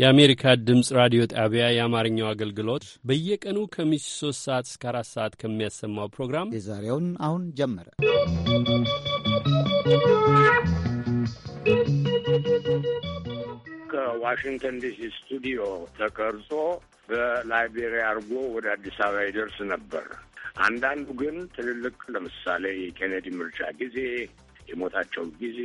የአሜሪካ ድምፅ ራዲዮ ጣቢያ የአማርኛው አገልግሎት በየቀኑ ከምሽቱ ሶስት ሰዓት እስከ አራት ሰዓት ከሚያሰማው ፕሮግራም የዛሬውን አሁን ጀመረ። ከዋሽንግተን ዲሲ ስቱዲዮ ተቀርጾ በላይቤሪያ አድርጎ ወደ አዲስ አበባ ይደርስ ነበር። አንዳንዱ ግን ትልልቅ ለምሳሌ የኬኔዲ ምርጫ ጊዜ የሞታቸው ጊዜ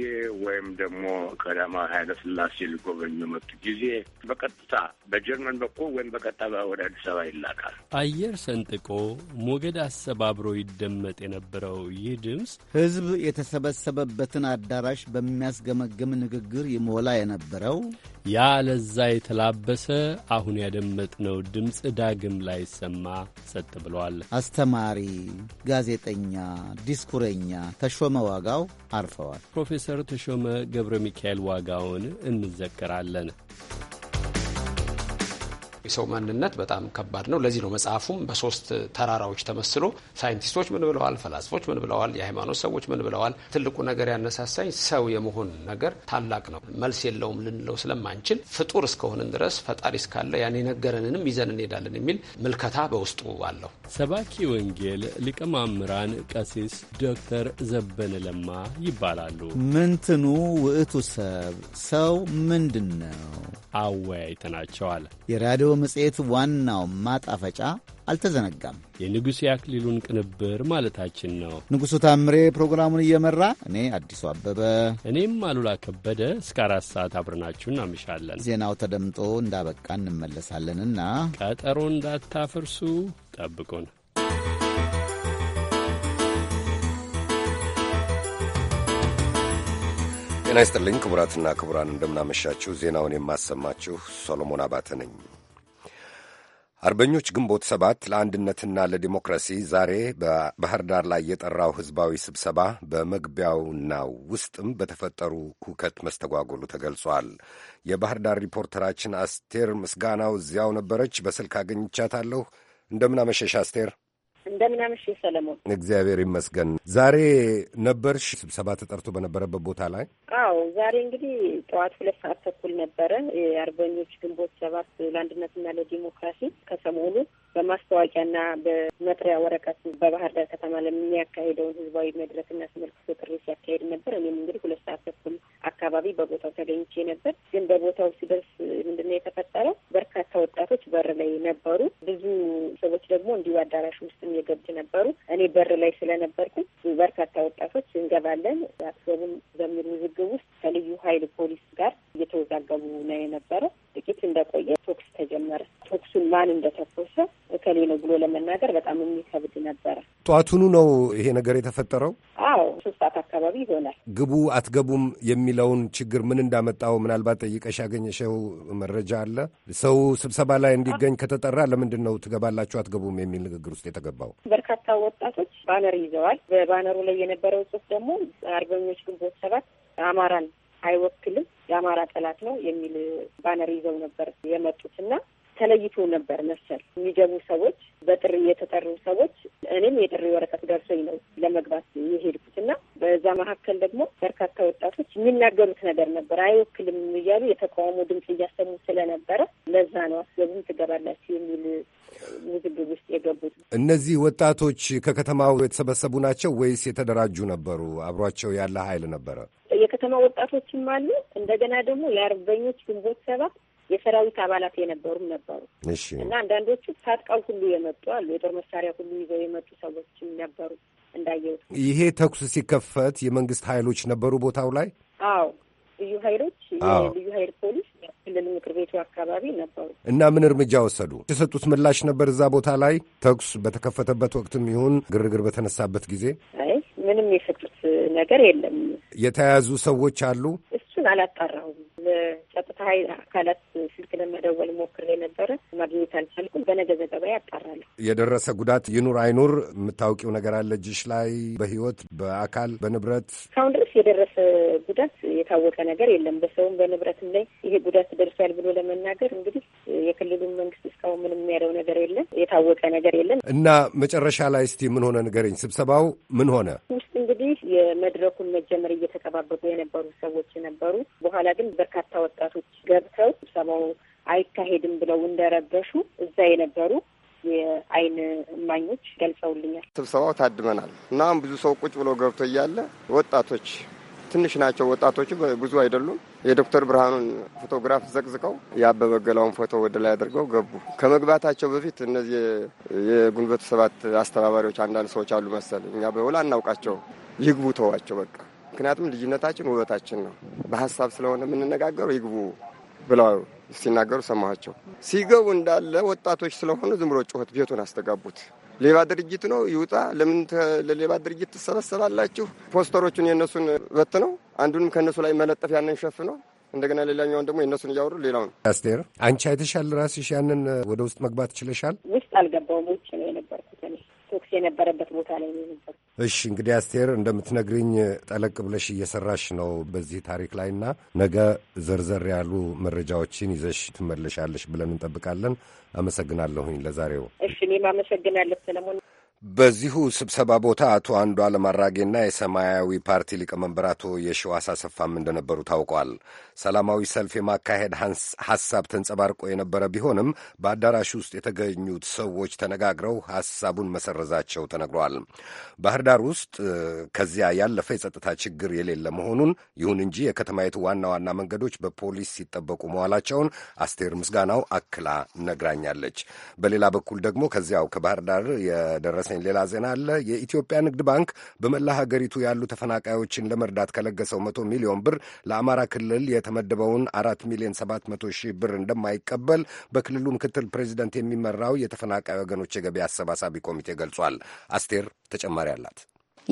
ወይም ደግሞ ቀዳማዊ ኃይለ ሥላሴ ሊጎበኙ መጡ ጊዜ በቀጥታ በጀርመን በኩል ወይም በቀጥታ ወደ አዲስ አበባ ይላካል። አየር ሰንጥቆ ሞገድ አሰባብሮ ይደመጥ የነበረው ይህ ድምፅ ህዝብ የተሰበሰበበትን አዳራሽ በሚያስገመግም ንግግር ይሞላ የነበረው ያ ለዛ የተላበሰ አሁን ያደመጥነው ድምፅ ዳግም ላይ ሰማ ጸጥ ብሏል። አስተማሪ፣ ጋዜጠኛ፣ ዲስኩረኛ ተሾመ ዋጋው አርፈዋል። ፕሮፌሰር ተሾመ ገብረ ሚካኤል ዋጋውን እንዘከራለን። የሰው ማንነት በጣም ከባድ ነው። ለዚህ ነው መጽሐፉም በሶስት ተራራዎች ተመስሎ ሳይንቲስቶች ምን ብለዋል፣ ፈላስፎች ምን ብለዋል፣ የሃይማኖት ሰዎች ምን ብለዋል። ትልቁ ነገር ያነሳሳኝ ሰው የመሆን ነገር ታላቅ ነው፣ መልስ የለውም ልንለው ስለማንችል ፍጡር እስከሆንን ድረስ ፈጣሪ እስካለ ያን የነገረንንም ይዘን እንሄዳለን የሚል ምልከታ በውስጡ አለው። ሰባኪ ወንጌል ሊቀማምራን ቀሲስ ዶክተር ዘበነ ለማ ይባላሉ። ምንትኑ ውእቱ ሰብ ሰው ምንድን ነው አወያይተናቸዋል። የራዲዮ መጽሔት ዋናው ማጣፈጫ አልተዘነጋም። የንጉሥ የአክሊሉን ቅንብር ማለታችን ነው። ንጉሡ ታምሬ ፕሮግራሙን እየመራ እኔ አዲሱ አበበ፣ እኔም አሉላ ከበደ እስከ አራት ሰዓት አብረናችሁ እናምሻለን። ዜናው ተደምጦ እንዳበቃ እንመለሳለንና ቀጠሮ እንዳታፈርሱ ጠብቁን። ጤና ይስጥልኝ ክቡራትና ክቡራን፣ እንደምናመሻችሁ። ዜናውን የማሰማችሁ ሶሎሞን አባተ ነኝ። አርበኞች ግንቦት ሰባት ለአንድነትና ለዲሞክራሲ ዛሬ በባህር ዳር ላይ የጠራው ህዝባዊ ስብሰባ በመግቢያውና ውስጥም በተፈጠሩ ሁከት መስተጓጎሉ ተገልጿል። የባህር ዳር ሪፖርተራችን አስቴር ምስጋናው እዚያው ነበረች። በስልክ አገኝቻታለሁ። እንደምን አመሸሽ አስቴር? እንደምናምሽ ሰለሞን። እግዚአብሔር ይመስገን። ዛሬ ነበርሽ ስብሰባ ተጠርቶ በነበረበት ቦታ ላይ? አዎ፣ ዛሬ እንግዲህ ጠዋት ሁለት ሰዓት ተኩል ነበረ የአርበኞች ግንቦት ሰባት ለአንድነትና ለዲሞክራሲ ከሰሞኑ በማስታወቂያና በመጥሪያ ወረቀት በባህር ዳር ከተማ ለሚያካሄደውን ህዝባዊ መድረክና አስመልክቶ ጥሪ ሲያካሄድ ነበር። እኔም እንግዲህ ሁለት ሰዓት ተኩል አካባቢ በቦታው ተገኝቼ ነበር። ግን በቦታው ሲደርስ ምንድነው የተፈጠረው? በርካታ ወጣቶች በር ላይ ነበሩ። ብዙ ሰዎች ደግሞ እንዲሁ አዳራሽ ውስጥም የገቡ ነበሩ። እኔ በር ላይ ስለነበርኩኝ በርካታ ወጣቶች እንገባለን አትገቡም በሚል ውዝግብ ውስጥ ከልዩ ኃይል ፖሊስ ጋር እየተወዛገቡ ነው የነበረው። ጥቂት እንደቆየ ቶክስ ተጀመረ። ቶክሱን ማን እንደተኮሰ እከሌ ነው ብሎ ለመናገር በጣም የሚከብድ ነበረ። ጠዋቱኑ ነው ይሄ ነገር የተፈጠረው። አዎ ሶስት ሰዓት አካባቢ ይሆናል። ግቡ አትገቡም የሚለውን ችግር ምን እንዳመጣው ምናልባት ጠይቀሽ ያገኘሽው መረጃ አለ? ሰው ስብሰባ ላይ እንዲገኝ ከተጠራ ለምንድን ነው ትገባላችሁ አትገቡም የሚል ንግግር ውስጥ የተገባው? በርካታ ወጣቶች ባነር ይዘዋል። በባነሩ ላይ የነበረው ጽሁፍ ደግሞ አርበኞች ግንቦት ሰባት አማራን አይወክልም፣ የአማራ ጠላት ነው የሚል ባነር ይዘው ነበር የመጡት እና ተለይቶ ነበር መሰል የሚገቡ ሰዎች በጥሪ የተጠሩ ሰዎች እኔም የጥሪ ወረቀት ደርሶኝ ነው ለመግባት የሄድኩት እና በዛ መካከል ደግሞ በርካታ ወጣቶች የሚናገሩት ነገር ነበር። አይወክልም እያሉ የተቃውሞ ድምፅ እያሰሙ ስለነበረ ለዛ ነው አስገቡም ትገባላችሁ የሚል ውዝግብ ውስጥ የገቡት። እነዚህ ወጣቶች ከከተማው የተሰበሰቡ ናቸው ወይስ የተደራጁ ነበሩ? አብሯቸው ያለ ኃይል ነበረ? የከተማ ወጣቶችም አሉ። እንደገና ደግሞ የአርበኞች ግንቦት ሰባት የሰራዊት አባላት የነበሩም ነበሩ እና አንዳንዶቹ ታጥቀው ሁሉ የመጡ አሉ። የጦር መሳሪያ ሁሉ ይዘው የመጡ ሰዎችም ነበሩ እንዳየሁት። ይሄ ተኩስ ሲከፈት የመንግስት ኃይሎች ነበሩ ቦታው ላይ? አዎ ልዩ ኃይሎች ልዩ ኃይል ፖሊስ ክልል ምክር ቤቱ አካባቢ ነበሩ እና ምን እርምጃ ወሰዱ? የሰጡት ምላሽ ነበር? እዛ ቦታ ላይ ተኩስ በተከፈተበት ወቅትም ይሁን ግርግር በተነሳበት ጊዜ አይ ምንም የሰጡት ነገር የለም። የተያዙ ሰዎች አሉ? እሱን አላጣራሁም። ጸጥታ ኃይል አካላት ስልክ ለመደወል ሞክር የነበረ ማግኘት አልቻልኩም። በነገ ዘገባ ያጣራለሁ። የደረሰ ጉዳት ይኑር አይኑር የምታውቂው ነገር አለ? እጅሽ ላይ በህይወት በአካል በንብረት እስካሁን ድረስ የደረሰ ጉዳት የታወቀ ነገር የለም። በሰውም በንብረትም ላይ ይሄ ጉዳት ደርሷል ብሎ ለመናገር እንግዲህ የክልሉን መንግስት እስካሁን ምንም የሚያደው ነገር የለም፣ የታወቀ ነገር የለም። እና መጨረሻ ላይ እስቲ ምን ሆነ ንገረኝ። ስብሰባው ምን ሆነ ውስጥ እንግዲህ የመድረኩን መጀመር እየተጠባበቁ የነበሩ ሰዎች ነበሩ። በኋላ ግን በርካታ ወጣቶች ገብተው ስብሰባው አይካሄድም ብለው እንደረበሹ እዛ የነበሩ የአይን እማኞች ገልጸውልኛል። ስብሰባው ታድመናል እናም ብዙ ሰው ቁጭ ብሎ ገብቶ እያለ ወጣቶች ትንሽ ናቸው ወጣቶቹ፣ ብዙ አይደሉም። የዶክተር ብርሃኑን ፎቶግራፍ ዘቅዝቀው የአበበ ገላውን ፎቶ ወደ ላይ አድርገው ገቡ። ከመግባታቸው በፊት እነዚህ የግንቦት ሰባት አስተባባሪዎች አንዳንድ ሰዎች አሉ መሰል እኛ በውል አናውቃቸው። ይግቡ፣ ተዋቸው በቃ። ምክንያቱም ልጅነታችን ውበታችን ነው። በሀሳብ ስለሆነ የምንነጋገሩ ይግቡ ብለዋል። ሲናገሩ ሰማኋቸው። ሲገቡ እንዳለ ወጣቶች ስለሆኑ ዝም ብሎ ጩኸት ቤቱን አስተጋቡት። ሌባ ድርጅት ነው ይውጣ፣ ለምን ለሌባ ድርጅት ትሰበሰባላችሁ? ፖስተሮቹን የእነሱን ነው አንዱንም ከእነሱ ላይ መለጠፍ ያንን ሸፍነው እንደገና ሌላኛውን ደግሞ የእነሱን እያወሩ ሌላውን። አስቴር አንቺ አይተሻል ራስሽ? ያንን ወደ ውስጥ መግባት ችለሻል? ውስጥ አልገባውም። ውጭ ነው የነበርኩት ቶክስ የነበረበት ቦታ ላይ ነው የነበርኩት። እሺ እንግዲህ አስቴር እንደምትነግርኝ ጠለቅ ብለሽ እየሰራሽ ነው በዚህ ታሪክ ላይና ነገ ዘርዘር ያሉ መረጃዎችን ይዘሽ ትመለሻለሽ ብለን እንጠብቃለን። አመሰግናለሁኝ ለዛሬው። እሺ እኔም አመሰግናለሁ ሰለሞን። በዚሁ ስብሰባ ቦታ አቶ አለም አራጌና የሰማያዊ ፓርቲ ሊቀመንበር አቶ የሺዋስ አሰፋም እንደነበሩ ታውቋል። ሰላማዊ ሰልፍ የማካሄድ ሐሳብ ተንጸባርቆ የነበረ ቢሆንም በአዳራሽ ውስጥ የተገኙት ሰዎች ተነጋግረው ሐሳቡን መሰረዛቸው ተነግሯል። ባህር ዳር ውስጥ ከዚያ ያለፈ የጸጥታ ችግር የሌለ መሆኑን፣ ይሁን እንጂ የከተማይቱ ዋና ዋና መንገዶች በፖሊስ ሲጠበቁ መዋላቸውን አስቴር ምስጋናው አክላ ነግራኛለች። በሌላ በኩል ደግሞ ከዚያው ከባህር ዳር የደረሰኝ ሌላ ዜና አለ። የኢትዮጵያ ንግድ ባንክ በመላ ሀገሪቱ ያሉ ተፈናቃዮችን ለመርዳት ከለገሰው መቶ ሚሊዮን ብር ለአማራ ክልል የተመደበውን አራት ሚሊዮን ሰባት መቶ ሺህ ብር እንደማይቀበል በክልሉ ምክትል ፕሬዚደንት የሚመራው የተፈናቃይ ወገኖች የገቢ አሰባሳቢ ኮሚቴ ገልጿል። አስቴር ተጨማሪ አላት።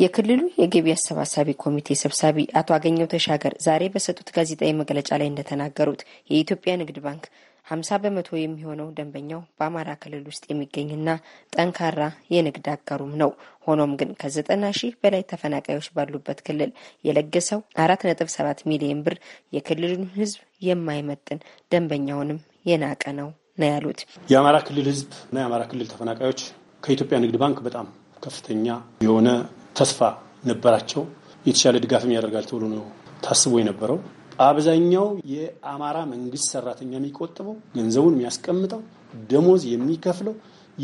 የክልሉ የገቢ አሰባሳቢ ኮሚቴ ሰብሳቢ አቶ አገኘው ተሻገር ዛሬ በሰጡት ጋዜጣዊ መግለጫ ላይ እንደተናገሩት የኢትዮጵያ ንግድ ባንክ ሀምሳ በመቶ የሚሆነው ደንበኛው በአማራ ክልል ውስጥ የሚገኝና ጠንካራ የንግድ አጋሩም ነው። ሆኖም ግን ከዘጠና ሺህ በላይ ተፈናቃዮች ባሉበት ክልል የለገሰው አራት ነጥብ ሰባት ሚሊዮን ብር የክልሉን ህዝብ የማይመጥን ደንበኛውንም የናቀ ነው ነው ያሉት። የአማራ ክልል ህዝብ እና የአማራ ክልል ተፈናቃዮች ከኢትዮጵያ ንግድ ባንክ በጣም ከፍተኛ የሆነ ተስፋ ነበራቸው። የተሻለ ድጋፍም ያደርጋል ተብሎ ነው ታስቦ የነበረው በአብዛኛው የአማራ መንግስት ሰራተኛ የሚቆጥበው ገንዘቡን የሚያስቀምጠው ደሞዝ የሚከፍለው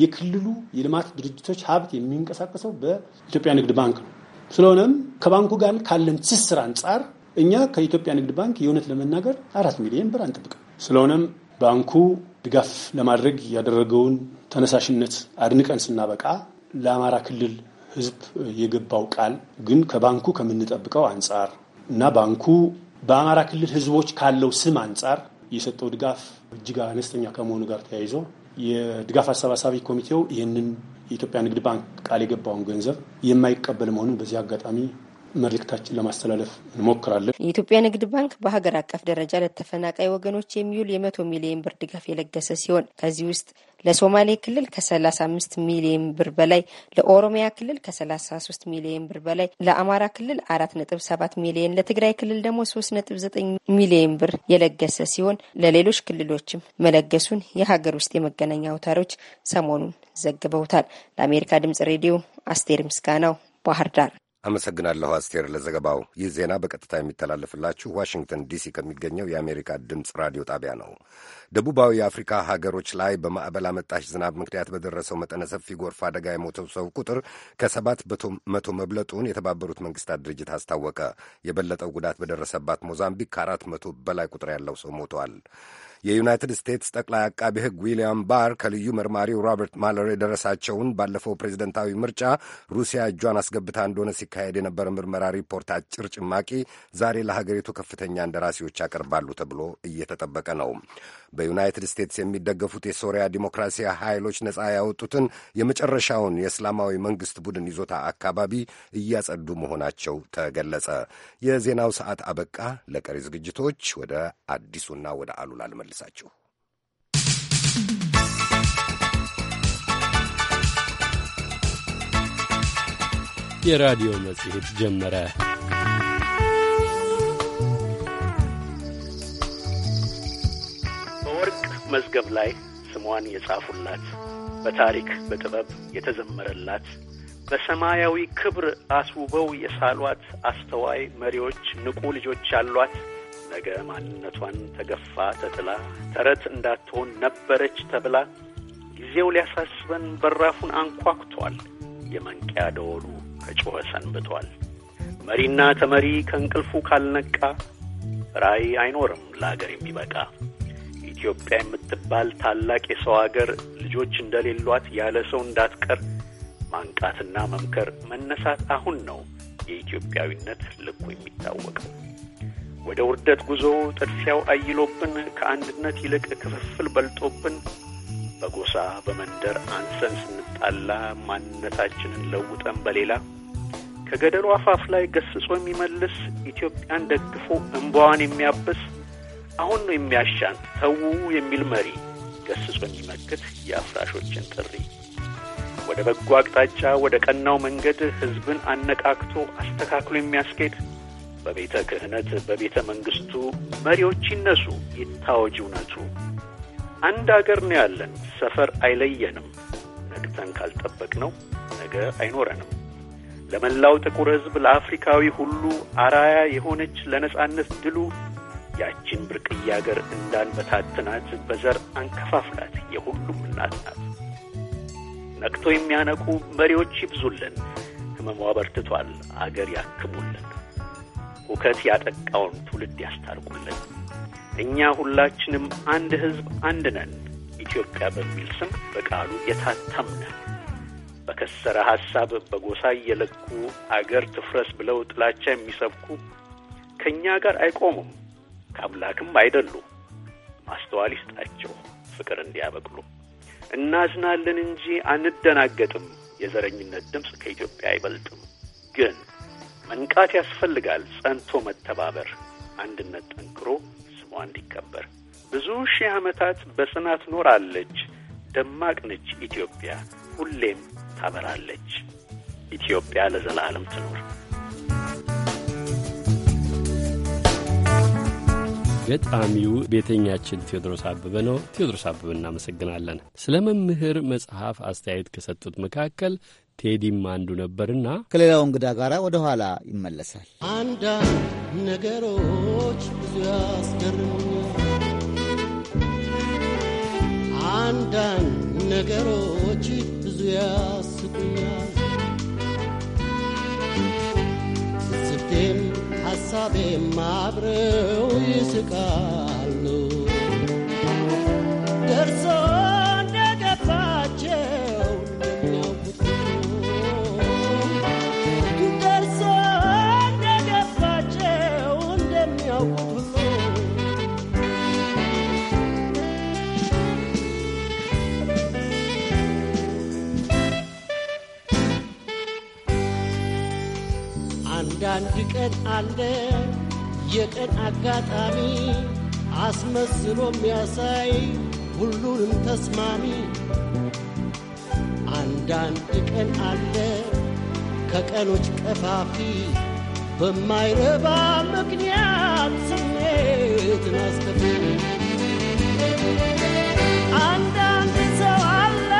የክልሉ የልማት ድርጅቶች ሀብት የሚንቀሳቀሰው በኢትዮጵያ ንግድ ባንክ ነው። ስለሆነም ከባንኩ ጋር ካለን ትስስር አንጻር እኛ ከኢትዮጵያ ንግድ ባንክ የእውነት ለመናገር አራት ሚሊዮን ብር አንጠብቅም። ስለሆነም ባንኩ ድጋፍ ለማድረግ ያደረገውን ተነሳሽነት አድንቀን ስናበቃ ለአማራ ክልል ህዝብ የገባው ቃል ግን ከባንኩ ከምንጠብቀው አንጻር እና ባንኩ በአማራ ክልል ህዝቦች ካለው ስም አንጻር የሰጠው ድጋፍ እጅግ አነስተኛ ከመሆኑ ጋር ተያይዞ የድጋፍ አሰባሳቢ ኮሚቴው ይህንን የኢትዮጵያ ንግድ ባንክ ቃል የገባውን ገንዘብ የማይቀበል መሆኑን በዚህ አጋጣሚ መልእክታችን ለማስተላለፍ እንሞክራለን። የኢትዮጵያ ንግድ ባንክ በሀገር አቀፍ ደረጃ ለተፈናቃይ ወገኖች የሚውል የመቶ ሚሊዮን ብር ድጋፍ የለገሰ ሲሆን ከዚህ ውስጥ ለሶማሌ ክልል ከ35 ሚሊዮን ብር በላይ፣ ለኦሮሚያ ክልል ከ33 ሚሊዮን ብር በላይ፣ ለአማራ ክልል 4.7 ሚሊዮን፣ ለትግራይ ክልል ደግሞ 3.9 ሚሊዮን ብር የለገሰ ሲሆን ለሌሎች ክልሎችም መለገሱን የሀገር ውስጥ የመገናኛ አውታሮች ሰሞኑን ዘግበውታል። ለአሜሪካ ድምጽ ሬዲዮ አስቴር ምስጋናው ባህር ዳር። አመሰግናለሁ አስቴር ለዘገባው። ይህ ዜና በቀጥታ የሚተላለፍላችሁ ዋሽንግተን ዲሲ ከሚገኘው የአሜሪካ ድምፅ ራዲዮ ጣቢያ ነው። ደቡባዊ የአፍሪካ ሀገሮች ላይ በማዕበል አመጣሽ ዝናብ ምክንያት በደረሰው መጠነ ሰፊ ጎርፍ አደጋ የሞተው ሰው ቁጥር ከሰባት መቶ መብለጡን የተባበሩት መንግስታት ድርጅት አስታወቀ። የበለጠው ጉዳት በደረሰባት ሞዛምቢክ ከአራት መቶ በላይ ቁጥር ያለው ሰው ሞቷል። የዩናይትድ ስቴትስ ጠቅላይ አቃቢ ሕግ ዊልያም ባር ከልዩ መርማሪው ሮበርት ማለር የደረሳቸውን ባለፈው ፕሬዚደንታዊ ምርጫ ሩሲያ እጇን አስገብታ እንደሆነ ሲካሄድ የነበረ ምርመራ ሪፖርት አጭር ጭማቂ ዛሬ ለሀገሪቱ ከፍተኛ እንደራሴዎች ያቀርባሉ ተብሎ እየተጠበቀ ነው። በዩናይትድ ስቴትስ የሚደገፉት የሶሪያ ዲሞክራሲያ ኃይሎች ነጻ ያወጡትን የመጨረሻውን የእስላማዊ መንግሥት ቡድን ይዞታ አካባቢ እያጸዱ መሆናቸው ተገለጸ። የዜናው ሰዓት አበቃ። ለቀሪ ዝግጅቶች ወደ አዲሱና ወደ አሉላ ልመልሳችሁ። የራዲዮ መጽሔት ጀመረ። መዝገብ ላይ ስሟን የጻፉላት በታሪክ በጥበብ የተዘመረላት በሰማያዊ ክብር አስውበው የሳሏት አስተዋይ መሪዎች፣ ንቁ ልጆች ያሏት ነገ ማንነቷን ተገፋ ተጥላ ተረት እንዳትሆን ነበረች ተብላ ጊዜው ሊያሳስበን በራፉን አንኳኩቷል። የመንቂያ ደወሉ ከጮኸ ሰንብቷል። መሪና ተመሪ ከእንቅልፉ ካልነቃ ራዕይ አይኖርም ለአገር የሚበቃ ኢትዮጵያ የምትባል ታላቅ የሰው አገር ልጆች እንደሌሏት ያለ ሰው እንዳትቀር ማንቃትና መምከር መነሳት አሁን ነው የኢትዮጵያዊነት ልኩ የሚታወቀው። ወደ ውርደት ጉዞ ጥድፊያው አይሎብን ከአንድነት ይልቅ ክፍፍል በልጦብን በጎሳ በመንደር አንሰን ስንጣላ ማንነታችንን ለውጠን በሌላ ከገደሉ አፋፍ ላይ ገስጾ የሚመልስ ኢትዮጵያን ደግፎ እንባዋን የሚያብስ አሁን ነው የሚያሻን ተዉ የሚል መሪ ገስጾ የሚመክት የአፍራሾችን ጥሪ ወደ በጎ አቅጣጫ ወደ ቀናው መንገድ ህዝብን አነቃቅቶ አስተካክሎ የሚያስኬድ በቤተ ክህነት በቤተ መንግሥቱ መሪዎች ይነሱ፣ ይታወጅ እውነቱ። አንድ አገር ነው ያለን ሰፈር አይለየንም። ነቅተን ነው ነገ አይኖረንም። ለመላው ጥቁር ህዝብ ለአፍሪካዊ ሁሉ አራያ የሆነች ለነጻነት ድሉ ያችን ብርቅዬ አገር እንዳንበታትናት በዘር አንከፋፍላት፣ የሁሉም እናት ናት። ነቅቶ የሚያነቁ መሪዎች ይብዙልን፣ ህመሙ አበርትቷል አገር ያክሙልን፣ ሁከት ያጠቃውን ትውልድ ያስታርቁልን። እኛ ሁላችንም አንድ ሕዝብ አንድ ነን። ኢትዮጵያ በሚል ስም በቃሉ የታተምነ በከሰረ ሐሳብ በጎሳ እየለኩ አገር ትፍረስ ብለው ጥላቻ የሚሰብኩ ከእኛ ጋር አይቆሙም። አምላክም አይደሉም። ማስተዋል ይስጣቸው ፍቅር እንዲያበቅሉ። እናዝናለን እንጂ አንደናገጥም። የዘረኝነት ድምፅ ከኢትዮጵያ አይበልጥም። ግን መንቃት ያስፈልጋል፣ ጸንቶ መተባበር፣ አንድነት ጠንክሮ ስሟ እንዲከበር። ብዙ ሺህ ዓመታት በጽናት ኖራለች፣ ደማቅ ነች ኢትዮጵያ፣ ሁሌም ታበራለች። ኢትዮጵያ ለዘላለም ትኖር። ገጣሚው ቤተኛችን ቴዎድሮስ አበበ ነው። ቴዎድሮስ አበበ እናመሰግናለን። ስለ መምህር መጽሐፍ አስተያየት ከሰጡት መካከል ቴዲም አንዱ ነበርና ከሌላው እንግዳ ጋር ወደ ኋላ ይመለሳል። አንዳንድ ነገሮች ብዙ ያስገርሙኛል። አንዳንድ ነገሮች ብዙ ያስቁኛል። ስስቴም ሐሳቤም አብረው ይስቃሉ ደርሶ ያንድ ቀን አለ የቀን አጋጣሚ አስመስሎ የሚያሳይ ሁሉንም ተስማሚ አንዳንድ ቀን አለ ከቀኖች ቀፋፊ በማይረባ ምክንያት ስሜት አስከፊ አንዳንድ ሰው አለ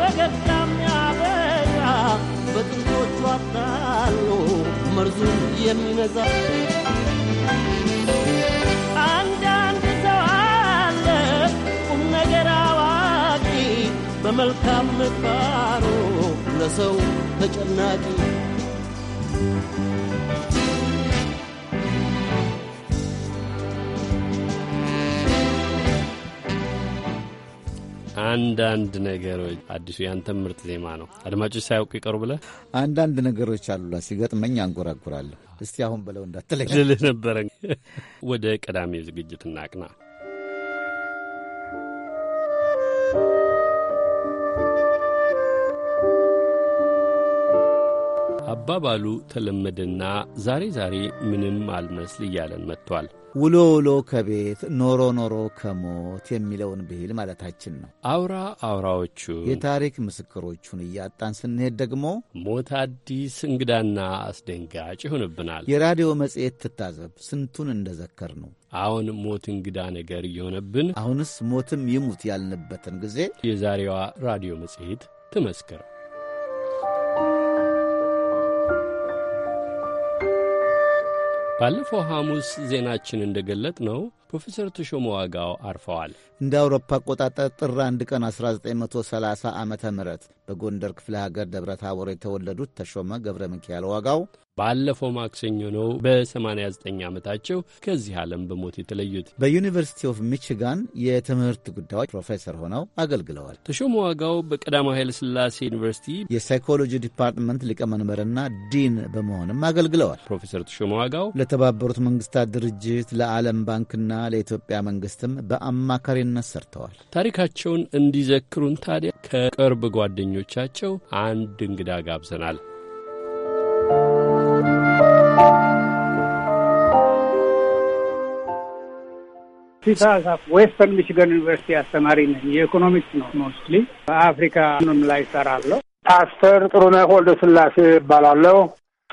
ፈገግታ የሚያበራ በጥንቶቹ አታሎ መርዙ የሚነዛ አንዳንድ ሰው አለ ቁም ነገር አዋቂ በመልካም ምግባሩ ለሰው ተጨናቂ አንዳንድ ነገሮች አዲሱ ያንተም ምርጥ ዜማ ነው። አድማጮች ሳያውቁ ይቀሩ ብለህ አንዳንድ ነገሮች አሉላ ሲገጥመኝ አንጎራጉራለሁ። እስቲ አሁን በለው እንዳትለኝ ልልህ ነበረ። ወደ ቀዳሚው ዝግጅት እናቅና። አባባሉ ተለመደና ዛሬ ዛሬ ምንም አልመስል እያለን መጥቷል። ውሎ ውሎ ከቤት ኖሮ ኖሮ ከሞት የሚለውን ብሂል ማለታችን ነው። አውራ አውራዎቹ የታሪክ ምስክሮቹን እያጣን ስንሄድ ደግሞ ሞት አዲስ እንግዳና አስደንጋጭ ይሆንብናል። የራዲዮ መጽሔት ትታዘብ ስንቱን እንደዘከር ነው። አሁን ሞት እንግዳ ነገር እየሆነብን አሁንስ ሞትም ይሙት ያልንበትን ጊዜ የዛሬዋ ራዲዮ መጽሔት ትመስክር። ባለፈው ሐሙስ ዜናችን እንደገለጥ ነው ፕሮፌሰር ተሾመ ዋጋው አርፈዋል። እንደ አውሮፓ አቆጣጠር ጥር 1 ቀን 1930 ዓ ም በጎንደር ክፍለ ሀገር ደብረ ታቦር የተወለዱት ተሾመ ገብረ ሚካኤል ዋጋው ባለፈው ማክሰኞ ነው በ89 ዓመታቸው ከዚህ ዓለም በሞት የተለዩት። በዩኒቨርሲቲ ኦፍ ሚችጋን የትምህርት ጉዳዮች ፕሮፌሰር ሆነው አገልግለዋል። ተሾመ ዋጋው በቀዳማዊ ኃይለ ሥላሴ ዩኒቨርሲቲ የሳይኮሎጂ ዲፓርትመንት ሊቀመንበርና ዲን በመሆንም አገልግለዋል። ፕሮፌሰር ተሾመ ዋጋው ለተባበሩት መንግስታት ድርጅት ለዓለም ባንክና ለኢትዮጵያ መንግስትም በአማካሪነት ሰርተዋል። ታሪካቸውን እንዲዘክሩን ታዲያ ከቅርብ ጓደኞቻቸው አንድ እንግዳ ጋብዘናል። ሲሳሳፍ ዌስተርን ሚችገን ዩኒቨርሲቲ አስተማሪ ነኝ። የኢኮኖሚክስ ነው ሞስትሊ። በአፍሪካንም ላይ ሰራለሁ። ፓስተር ጥሩነህ ወልደ ስላሴ እባላለሁ።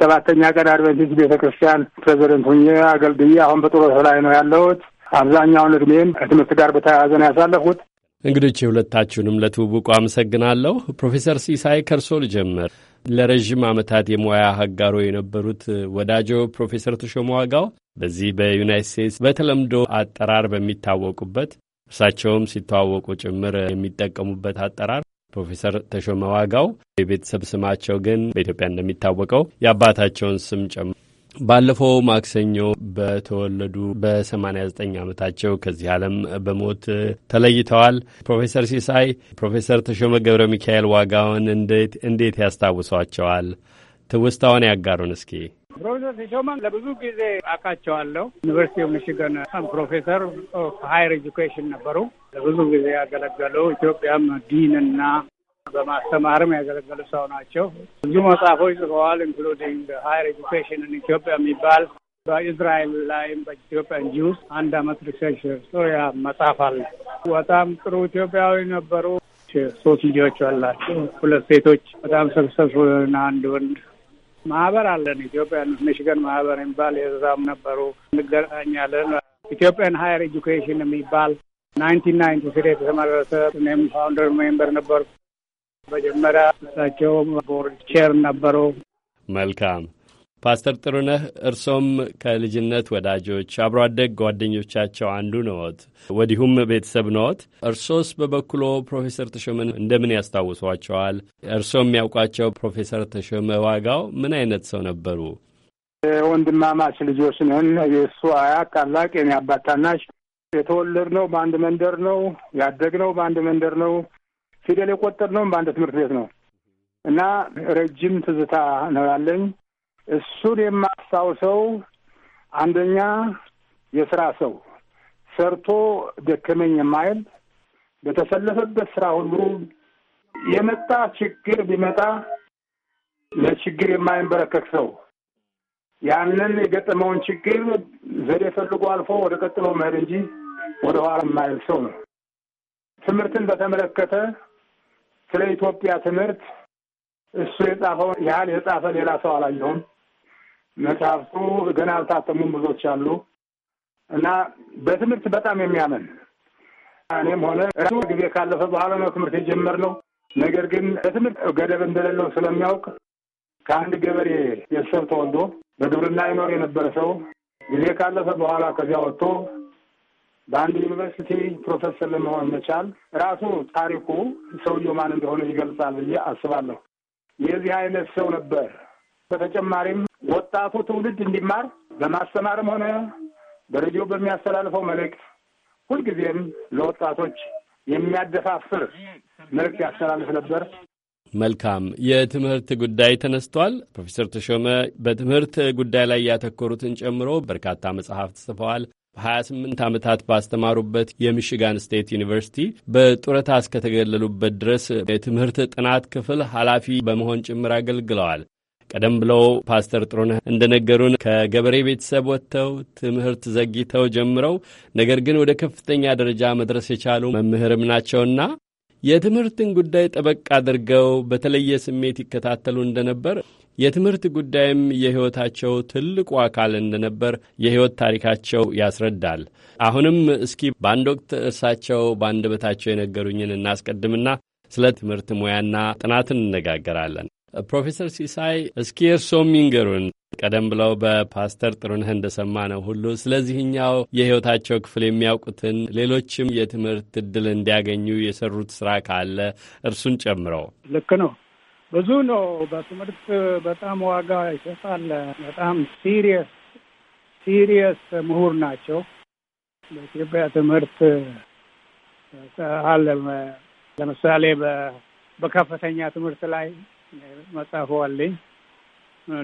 ሰባተኛ ቀን አድቨንቲስት ቤተ ክርስቲያን ፕሬዚደንት ሁኜ አገልግዬ አሁን በጡረታ ላይ ነው ያለሁት። አብዛኛውን እድሜም ከትምህርት ጋር በተያያዘ ነው ያሳለፉት። እንግዶች የሁለታችሁንም ለትውውቁ አመሰግናለሁ። ፕሮፌሰር ሲሳይ ከርሶ ልጀምር። ለረዥም ዓመታት የሙያ አጋሮ የነበሩት ወዳጆ ፕሮፌሰር ተሾመ ዋጋው በዚህ በዩናይት ስቴትስ በተለምዶ አጠራር በሚታወቁበት እርሳቸውም ሲተዋወቁ ጭምር የሚጠቀሙበት አጠራር ፕሮፌሰር ተሾመ ዋጋው የቤተሰብ ስማቸው ግን በኢትዮጵያ እንደሚታወቀው የአባታቸውን ስም ጨምሮ ባለፈው ማክሰኞ በተወለዱ በ89 ዓመታቸው ከዚህ ዓለም በሞት ተለይተዋል ፕሮፌሰር ሲሳይ ፕሮፌሰር ተሾመ ገብረ ሚካኤል ዋጋውን እንዴት ያስታውሷቸዋል? ትውስታውን ያጋሩን እስኪ። ፕሮፌሰር ሲሾመ ለብዙ ጊዜ አውቃቸዋለሁ። ዩኒቨርሲቲ ሚሽገን ፕሮፌሰር ኦፍ ሀይር ኤጁኬሽን ነበሩ። ለብዙ ጊዜ ያገለገሉ ኢትዮጵያም ዲን እና በማስተማርም ያገለገሉ ሰው ናቸው። ብዙ መጽሐፎች ጽፈዋል። ኢንክሉዲንግ ሀየር ኤዱኬሽን ኢትዮጵያ የሚባል በኢዝራኤል ላይም በኢትዮጵያ እንጂ ውስጥ አንድ አመት ሪሰርች ያ መጽሐፍ አለ። በጣም ጥሩ ኢትዮጵያዊ ነበሩ። ሶስት ልጆች አላቸው፣ ሁለት ሴቶች በጣም ሰክሰስፉልና አንድ ወንድ። ማህበር አለን ኢትዮጵያ ሚሽገን ማህበር የሚባል የዛም ነበሩ። እንገናኛለን። ኢትዮጵያን ሀየር ኤጁኬሽን የሚባል ናይንቲን ናይንቲ ስሪ የተመረሰ እኔም ፋውንደር ሜምበር ነበርኩ። መጀመሪያ እሳቸው ቦርድ ቼር ነበሩ። መልካም ፓስተር ጥሩነህ እርሶም ከልጅነት ወዳጆች አብሮ አደግ ጓደኞቻቸው አንዱ ነዎት፣ ወዲሁም ቤተሰብ ነዎት። እርሶስ በበኩሎ ፕሮፌሰር ተሾመን እንደምን ያስታውሷቸዋል? እርሶ የሚያውቋቸው ፕሮፌሰር ተሾመ ዋጋው ምን አይነት ሰው ነበሩ? ወንድማማች ልጆች ነን። የእሱ አያት ታላቅ፣ የኔ አባት ታናሽ። የተወለድነው በአንድ መንደር ነው፣ ያደግነው በአንድ መንደር ነው። ፊደል የቆጠር የቆጠርነውም በአንድ ትምህርት ቤት ነው እና ረጅም ትዝታ ነው ያለኝ። እሱን የማስታውሰው አንደኛ የስራ ሰው ሰርቶ ደከመኝ የማይል በተሰለፈበት ስራ ሁሉ የመጣ ችግር ቢመጣ ለችግር የማይንበረከክ ሰው ያንን የገጠመውን ችግር ዘዴ ፈልጎ አልፎ ወደ ቀጥሎ መሄድ እንጂ ወደ ኋላ የማይል ሰው ነው። ትምህርትን በተመለከተ ስለ ኢትዮጵያ ትምህርት እሱ የጻፈውን ያህል የጻፈ ሌላ ሰው አላየሁም። መጽሐፍቱ ገና አልታተሙም ብዙዎች አሉ እና በትምህርት በጣም የሚያምን እኔም ሆነ ራሱ ጊዜ ካለፈ በኋላ ነው ትምህርት የጀመርነው። ነገር ግን በትምህርት ገደብ እንደሌለው ስለሚያውቅ ከአንድ ገበሬ ቤተሰብ ተወልዶ በግብርና ይኖር የነበረ ሰው ጊዜ ካለፈ በኋላ ከዚያ ወጥቶ በአንድ ዩኒቨርሲቲ ፕሮፌሰር ለመሆን መቻል ራሱ ታሪኩ ሰውየው ማን እንደሆነ ይገልጻል ብዬ አስባለሁ። የዚህ አይነት ሰው ነበር። በተጨማሪም ወጣቱ ትውልድ እንዲማር በማስተማርም ሆነ በሬዲዮ በሚያስተላልፈው መልእክት ሁልጊዜም ለወጣቶች የሚያደፋፍር መልእክት ያስተላልፍ ነበር። መልካም የትምህርት ጉዳይ ተነስቷል። ፕሮፌሰር ተሾመ በትምህርት ጉዳይ ላይ ያተኮሩትን ጨምሮ በርካታ መጽሐፍት ጽፈዋል። በ28 ዓመታት ባስተማሩበት የሚሽጋን ስቴት ዩኒቨርሲቲ በጡረታ እስከተገለሉበት ድረስ የትምህርት ጥናት ክፍል ኃላፊ በመሆን ጭምር አገልግለዋል። ቀደም ብለው ፓስተር ጥሩነህ እንደነገሩን ከገበሬ ቤተሰብ ወጥተው ትምህርት ዘግይተው ጀምረው ነገር ግን ወደ ከፍተኛ ደረጃ መድረስ የቻሉ መምህርም ናቸውና የትምህርትን ጉዳይ ጠበቅ አድርገው በተለየ ስሜት ይከታተሉ እንደነበር የትምህርት ጉዳይም የሕይወታቸው ትልቁ አካል እንደነበር የሕይወት ታሪካቸው ያስረዳል። አሁንም እስኪ በአንድ ወቅት እርሳቸው በአንደበታቸው የነገሩኝን እናስቀድምና ስለ ትምህርት ሙያና ጥናት እንነጋገራለን። ፕሮፌሰር ሲሳይ እስኪ እርሶም ይንገሩን። ቀደም ብለው በፓስተር ጥሩነህ እንደሰማ ነው ሁሉ ስለዚህኛው የሕይወታቸው ክፍል የሚያውቁትን ሌሎችም የትምህርት ዕድል እንዲያገኙ የሰሩት ስራ ካለ እርሱን ጨምረው። ልክ ነው። ብዙ ነው። በትምህርት በጣም ዋጋ ይሰጣል። በጣም ሲሪየስ ሲሪየስ ምሁር ናቸው። በኢትዮጵያ ትምህርት አለ። ለምሳሌ በከፍተኛ ትምህርት ላይ መጽሐፉ አለኝ።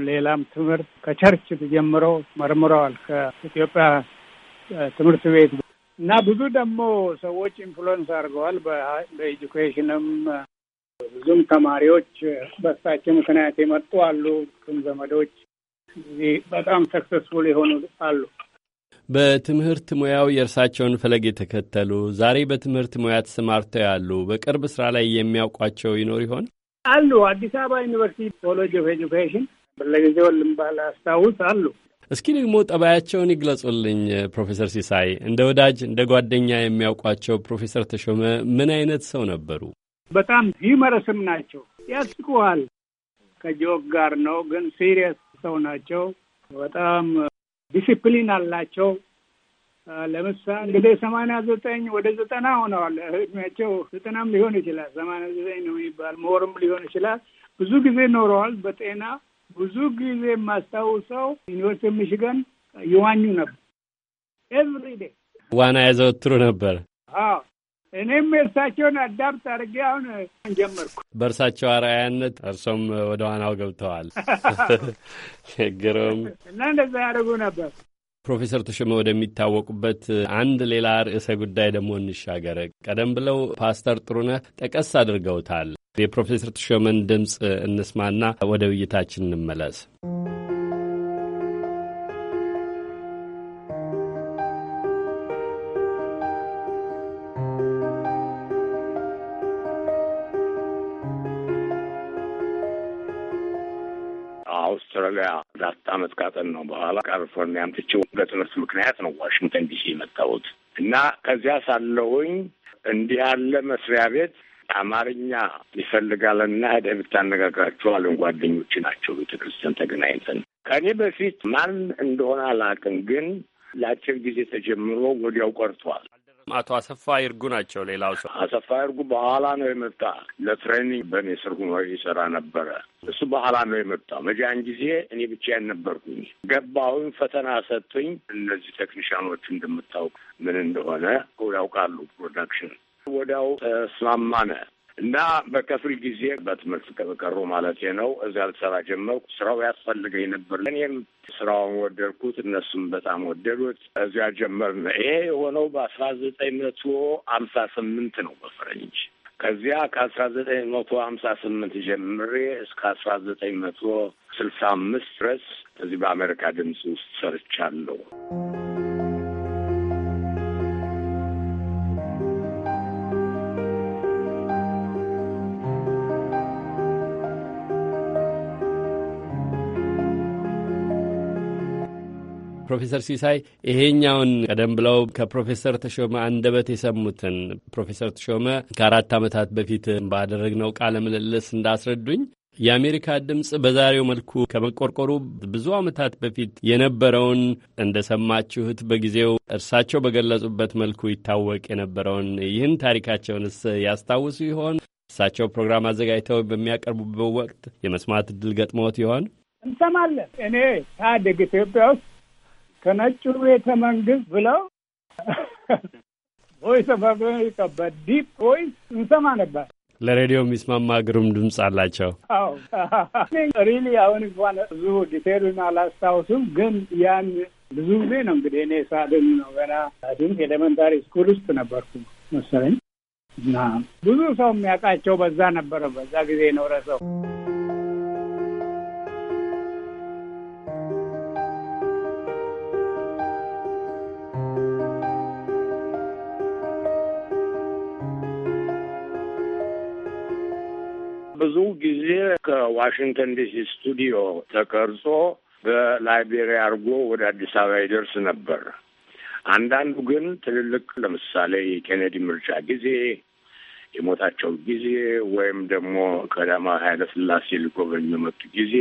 ሌላም ትምህርት ከቸርች ጀምረው መርምረዋል። ከኢትዮጵያ ትምህርት ቤት እና ብዙ ደግሞ ሰዎች ኢንፍሉዌንስ አድርገዋል። በኤጁኬሽንም ብዙም ተማሪዎች በሳቸው ምክንያት የመጡ አሉ። ብዙም ዘመዶች እዚህ በጣም ሰክሰስፉል የሆኑ አሉ። በትምህርት ሙያው የእርሳቸውን ፈለግ የተከተሉ ዛሬ በትምህርት ሙያ ተሰማርተው ያሉ በቅርብ ስራ ላይ የሚያውቋቸው ይኖር ይሆን? አሉ። አዲስ አበባ ዩኒቨርሲቲ ኮሌጅ ኦፍ ኤጁኬሽን ለጊዜው ልምባል አስታውስ አሉ። እስኪ ደግሞ ጠባያቸውን ይግለጹልኝ ፕሮፌሰር ሲሳይ፣ እንደ ወዳጅ እንደ ጓደኛ የሚያውቋቸው ፕሮፌሰር ተሾመ ምን አይነት ሰው ነበሩ? በጣም ሂመረስም ናቸው። ያስቁሃል። ከጆክ ጋር ነው ግን ሲሪየስ ሰው ናቸው። በጣም ዲሲፕሊን አላቸው። ለምሳሌ እንግዲህ ሰማንያ ዘጠኝ ወደ ዘጠና ሆነዋል እድሜያቸው። ዘጠናም ሊሆን ይችላል ሰማንያ ዘጠኝ ነው የሚባል መወርም ሊሆን ይችላል። ብዙ ጊዜ ኖረዋል በጤና ብዙ ጊዜ የማስታውሰው ዩኒቨርሲቲ ሚሽገን ይዋኙ ነበር። ኤቭሪ ዴይ ዋና ያዘወትሩ ነበር። አዎ እኔም እርሳቸውን አዳምጥ አድርጌ አሁን ጀመርኩ። በእርሳቸው አርአያነት እርሶም ወደ ዋናው ገብተዋል። ግሩም እና እንደዛ ያደርጉ ነበር። ፕሮፌሰር ተሾመ ወደሚታወቁበት አንድ ሌላ ርዕሰ ጉዳይ ደግሞ እንሻገር። ቀደም ብለው ፓስተር ጥሩነህ ጠቀስ አድርገውታል። የፕሮፌሰር ተሾመን ድምፅ እንስማና ወደ ውይይታችን እንመለስ። ከመጠጋያ አመት መጥቃጠን ነው። በኋላ ካሊፎርኒያ አምጥቼው በትምህርት ምክንያት ነው ዋሽንግተን ዲሲ የመጣሁት እና ከዚያ ሳለሁኝ እንዲህ ያለ መስሪያ ቤት አማርኛ ይፈልጋልና ሄደህ ብታነጋግራቸው አለን። ጓደኞች ናቸው። ቤተ ክርስቲያን ተገናኝተን ከእኔ በፊት ማን እንደሆነ አላውቅም፣ ግን ለአጭር ጊዜ ተጀምሮ ወዲያው ቀርቷል። አቶ አሰፋ ይርጉ ናቸው። ሌላው ሰው አሰፋ ይርጉ በኋላ ነው የመጣ። ለትሬኒንግ በእኔ ስር ሆኖ ይሰራ ነበረ። እሱ በኋላ ነው የመጣው። መጃን ጊዜ እኔ ብቻዬን ነበርኩኝ። ገባሁኝ፣ ፈተና ሰጡኝ። እነዚህ ቴክኒሽያኖች እንደምታውቅ ምን እንደሆነ ያውቃሉ ፕሮዳክሽን ወዲያው ተስማማነ። እና በከፍል ጊዜ በትምህርት ከቀሩ ማለት ነው እዚያ ልሰራ ጀመርኩ። ስራው ያስፈልገኝ ነበር። እኔም ስራውን ወደድኩት፣ እነሱም በጣም ወደዱት። እዚያ ጀመር። ይሄ የሆነው በአስራ ዘጠኝ መቶ አምሳ ስምንት ነው በፈረንጅ ከዚያ ከአስራ ዘጠኝ መቶ ሀምሳ ስምንት ጀምሬ እስከ አስራ ዘጠኝ መቶ ስልሳ አምስት ድረስ እዚህ በአሜሪካ ድምፅ ውስጥ ሰርቻለሁ። ፕሮፌሰር ሲሳይ ይሄኛውን ቀደም ብለው ከፕሮፌሰር ተሾመ አንደበት የሰሙትን ፕሮፌሰር ተሾመ ከአራት ዓመታት በፊት ባደረግነው ቃለ ምልልስ እንዳስረዱኝ የአሜሪካ ድምፅ በዛሬው መልኩ ከመቆርቆሩ ብዙ ዓመታት በፊት የነበረውን እንደሰማችሁት በጊዜው እርሳቸው በገለጹበት መልኩ ይታወቅ የነበረውን ይህን ታሪካቸውንስ ያስታውሱ ይሆን? እሳቸው ፕሮግራም አዘጋጅተው በሚያቀርቡበት ወቅት የመስማት እድል ገጥሞት ይሆን? እንሰማለን። እኔ ታድግ ኢትዮጵያ ውስጥ ከነጩ ቤተ መንግስት ብለው ቮይስ ኦፍ አሜሪካ በዲፕ ቮይስ እንሰማ ነበር። ለሬዲዮ የሚስማማ ግሩም ድምፅ አላቸው። አዎ ሪሊ አሁን እንኳን ብዙ ዲቴሉን አላስታውሱም፣ ግን ያን ብዙ ጊዜ ነው እንግዲህ እኔ ሳድን ነው ገና ሳድን ኤሌመንታሪ ስኩል ውስጥ ነበርኩ መሰለኝ እና ብዙ ሰው የሚያውቃቸው በዛ ነበረ በዛ ጊዜ የኖረ ሰው ብዙ ጊዜ ከዋሽንግተን ዲሲ ስቱዲዮ ተቀርጾ በላይቤሪያ አድርጎ ወደ አዲስ አበባ ይደርስ ነበር። አንዳንዱ ግን ትልልቅ ለምሳሌ የኬኔዲ ምርጫ ጊዜ የሞታቸው ጊዜ ወይም ደግሞ ቀዳማዊ ኃይለ ሥላሴ ሊጎበኙ መጡ ጊዜ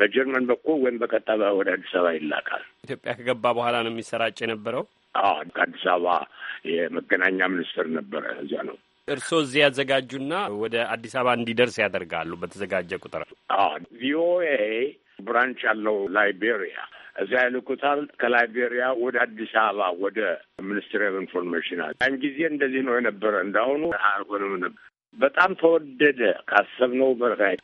በጀርመን በኩል ወይም በቀጥታ ወደ አዲስ አበባ ይላካል። ኢትዮጵያ ከገባ በኋላ ነው የሚሰራጭ የነበረው። አዎ ከአዲስ አበባ የመገናኛ ሚኒስትር ነበረ። እዚያ ነው እርስዎ እዚህ ያዘጋጁና ወደ አዲስ አበባ እንዲደርስ ያደርጋሉ። በተዘጋጀ ቁጥር ቪኦኤ ብራንች ያለው ላይቤሪያ እዚያ ይልኩታል። ከላይቤሪያ ወደ አዲስ አበባ ወደ ሚኒስትሪ ኦፍ ኢንፎርሜሽን ያን ጊዜ እንደዚህ ነው የነበረ። እንዳሁኑ አልሆንም ነበር። በጣም ተወደደ ካሰብነው በላይ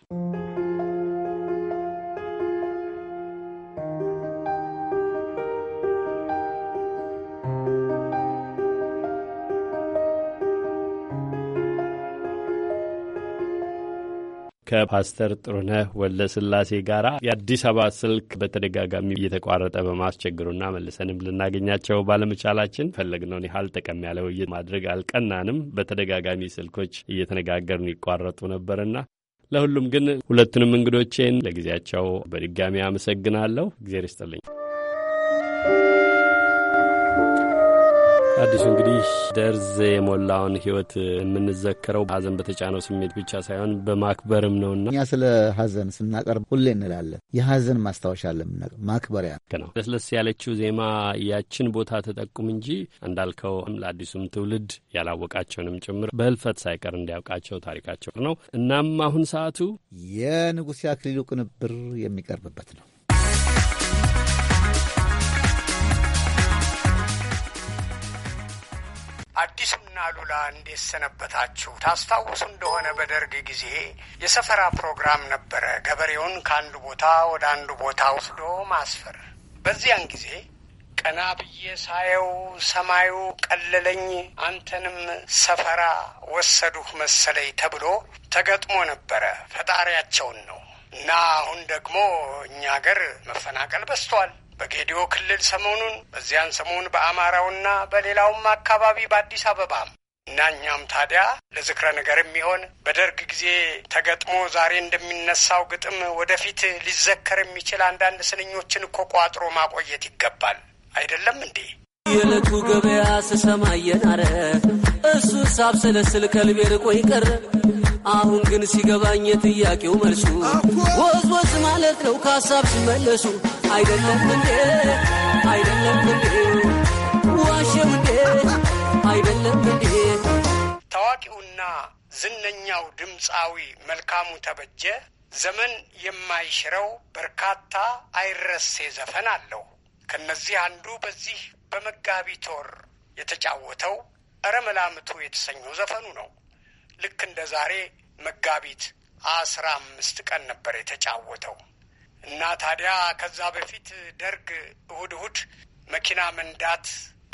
ከፓስተር ጥሩነህ ወለ ስላሴ ጋር የአዲስ አበባ ስልክ በተደጋጋሚ እየተቋረጠ በማስቸግሩና መልሰንም ልናገኛቸው ባለመቻላችን ፈለግነውን ያህል ጠቀም ያለ ውይይት ማድረግ አልቀናንም። በተደጋጋሚ ስልኮች እየተነጋገርን ይቋረጡ ነበርና ለሁሉም ግን ሁለቱንም እንግዶቼን ለጊዜያቸው በድጋሚ አመሰግናለሁ። እግዜር ይስጥልኝ። አዲሱ እንግዲህ ደርዝ የሞላውን ህይወት የምንዘከረው ሀዘን በተጫነው ስሜት ብቻ ሳይሆን በማክበርም ነውና እኛ ስለ ሀዘን ስናቀርብ ሁሌ እንላለን የሀዘን ማስታወሻ ለምናቀ ማክበሪያ ነው። ለስለስ ያለችው ዜማ ያችን ቦታ ተጠቁም እንጂ እንዳልከው ለአዲሱም ትውልድ ያላወቃቸውንም ጭምር በህልፈት ሳይቀር እንዲያውቃቸው ታሪካቸው ነው። እናም አሁን ሰዓቱ የንጉሴ አክሊሉ ቅንብር የሚቀርብበት ነው። አዲሱና ሉላ እንዴት ሰነበታችሁ? ታስታውሱ እንደሆነ በደርግ ጊዜ የሰፈራ ፕሮግራም ነበረ። ገበሬውን ከአንዱ ቦታ ወደ አንዱ ቦታ ወስዶ ማስፈር። በዚያን ጊዜ ቀና ብዬ ሳየው ሰማዩ ቀለለኝ፣ አንተንም ሰፈራ ወሰዱህ መሰለኝ ተብሎ ተገጥሞ ነበረ። ፈጣሪያቸውን ነው እና አሁን ደግሞ እኛ አገር መፈናቀል በዝቷል። በጌዲዮ ክልል ሰሞኑን፣ በዚያን ሰሞን በአማራውና በሌላውም አካባቢ በአዲስ አበባ እና እኛም ታዲያ ለዝክረ ነገር የሚሆን በደርግ ጊዜ ተገጥሞ ዛሬ እንደሚነሳው ግጥም ወደፊት ሊዘከር የሚችል አንዳንድ ስንኞችን እኮ ቋጥሮ ማቆየት ይገባል። አይደለም እንዴ? የዕለቱ ገበያ ስሰማ እሱ ሳብ ስለስል ከልቤ ርቆ ይቀረ። አሁን ግን ሲገባኝ የጥያቄው መልሱ ወዝ ወዝ ማለት ነው ከሀሳብ ሲመለሱ አይደለም እንዴ አይደለም እንዴ ዋሸው እንዴ አይደለም እንዴ ታዋቂውና ዝነኛው ድምፃዊ መልካሙ ተበጀ ዘመን የማይሽረው በርካታ አይረሴ ዘፈን አለው። ከነዚህ አንዱ በዚህ በመጋቢት ወር የተጫወተው እረ መላምቱ የተሰኘው ዘፈኑ ነው። ልክ እንደ ዛሬ መጋቢት አስራ አምስት ቀን ነበር የተጫወተው። እና ታዲያ ከዛ በፊት ደርግ እሁድ እሁድ መኪና መንዳት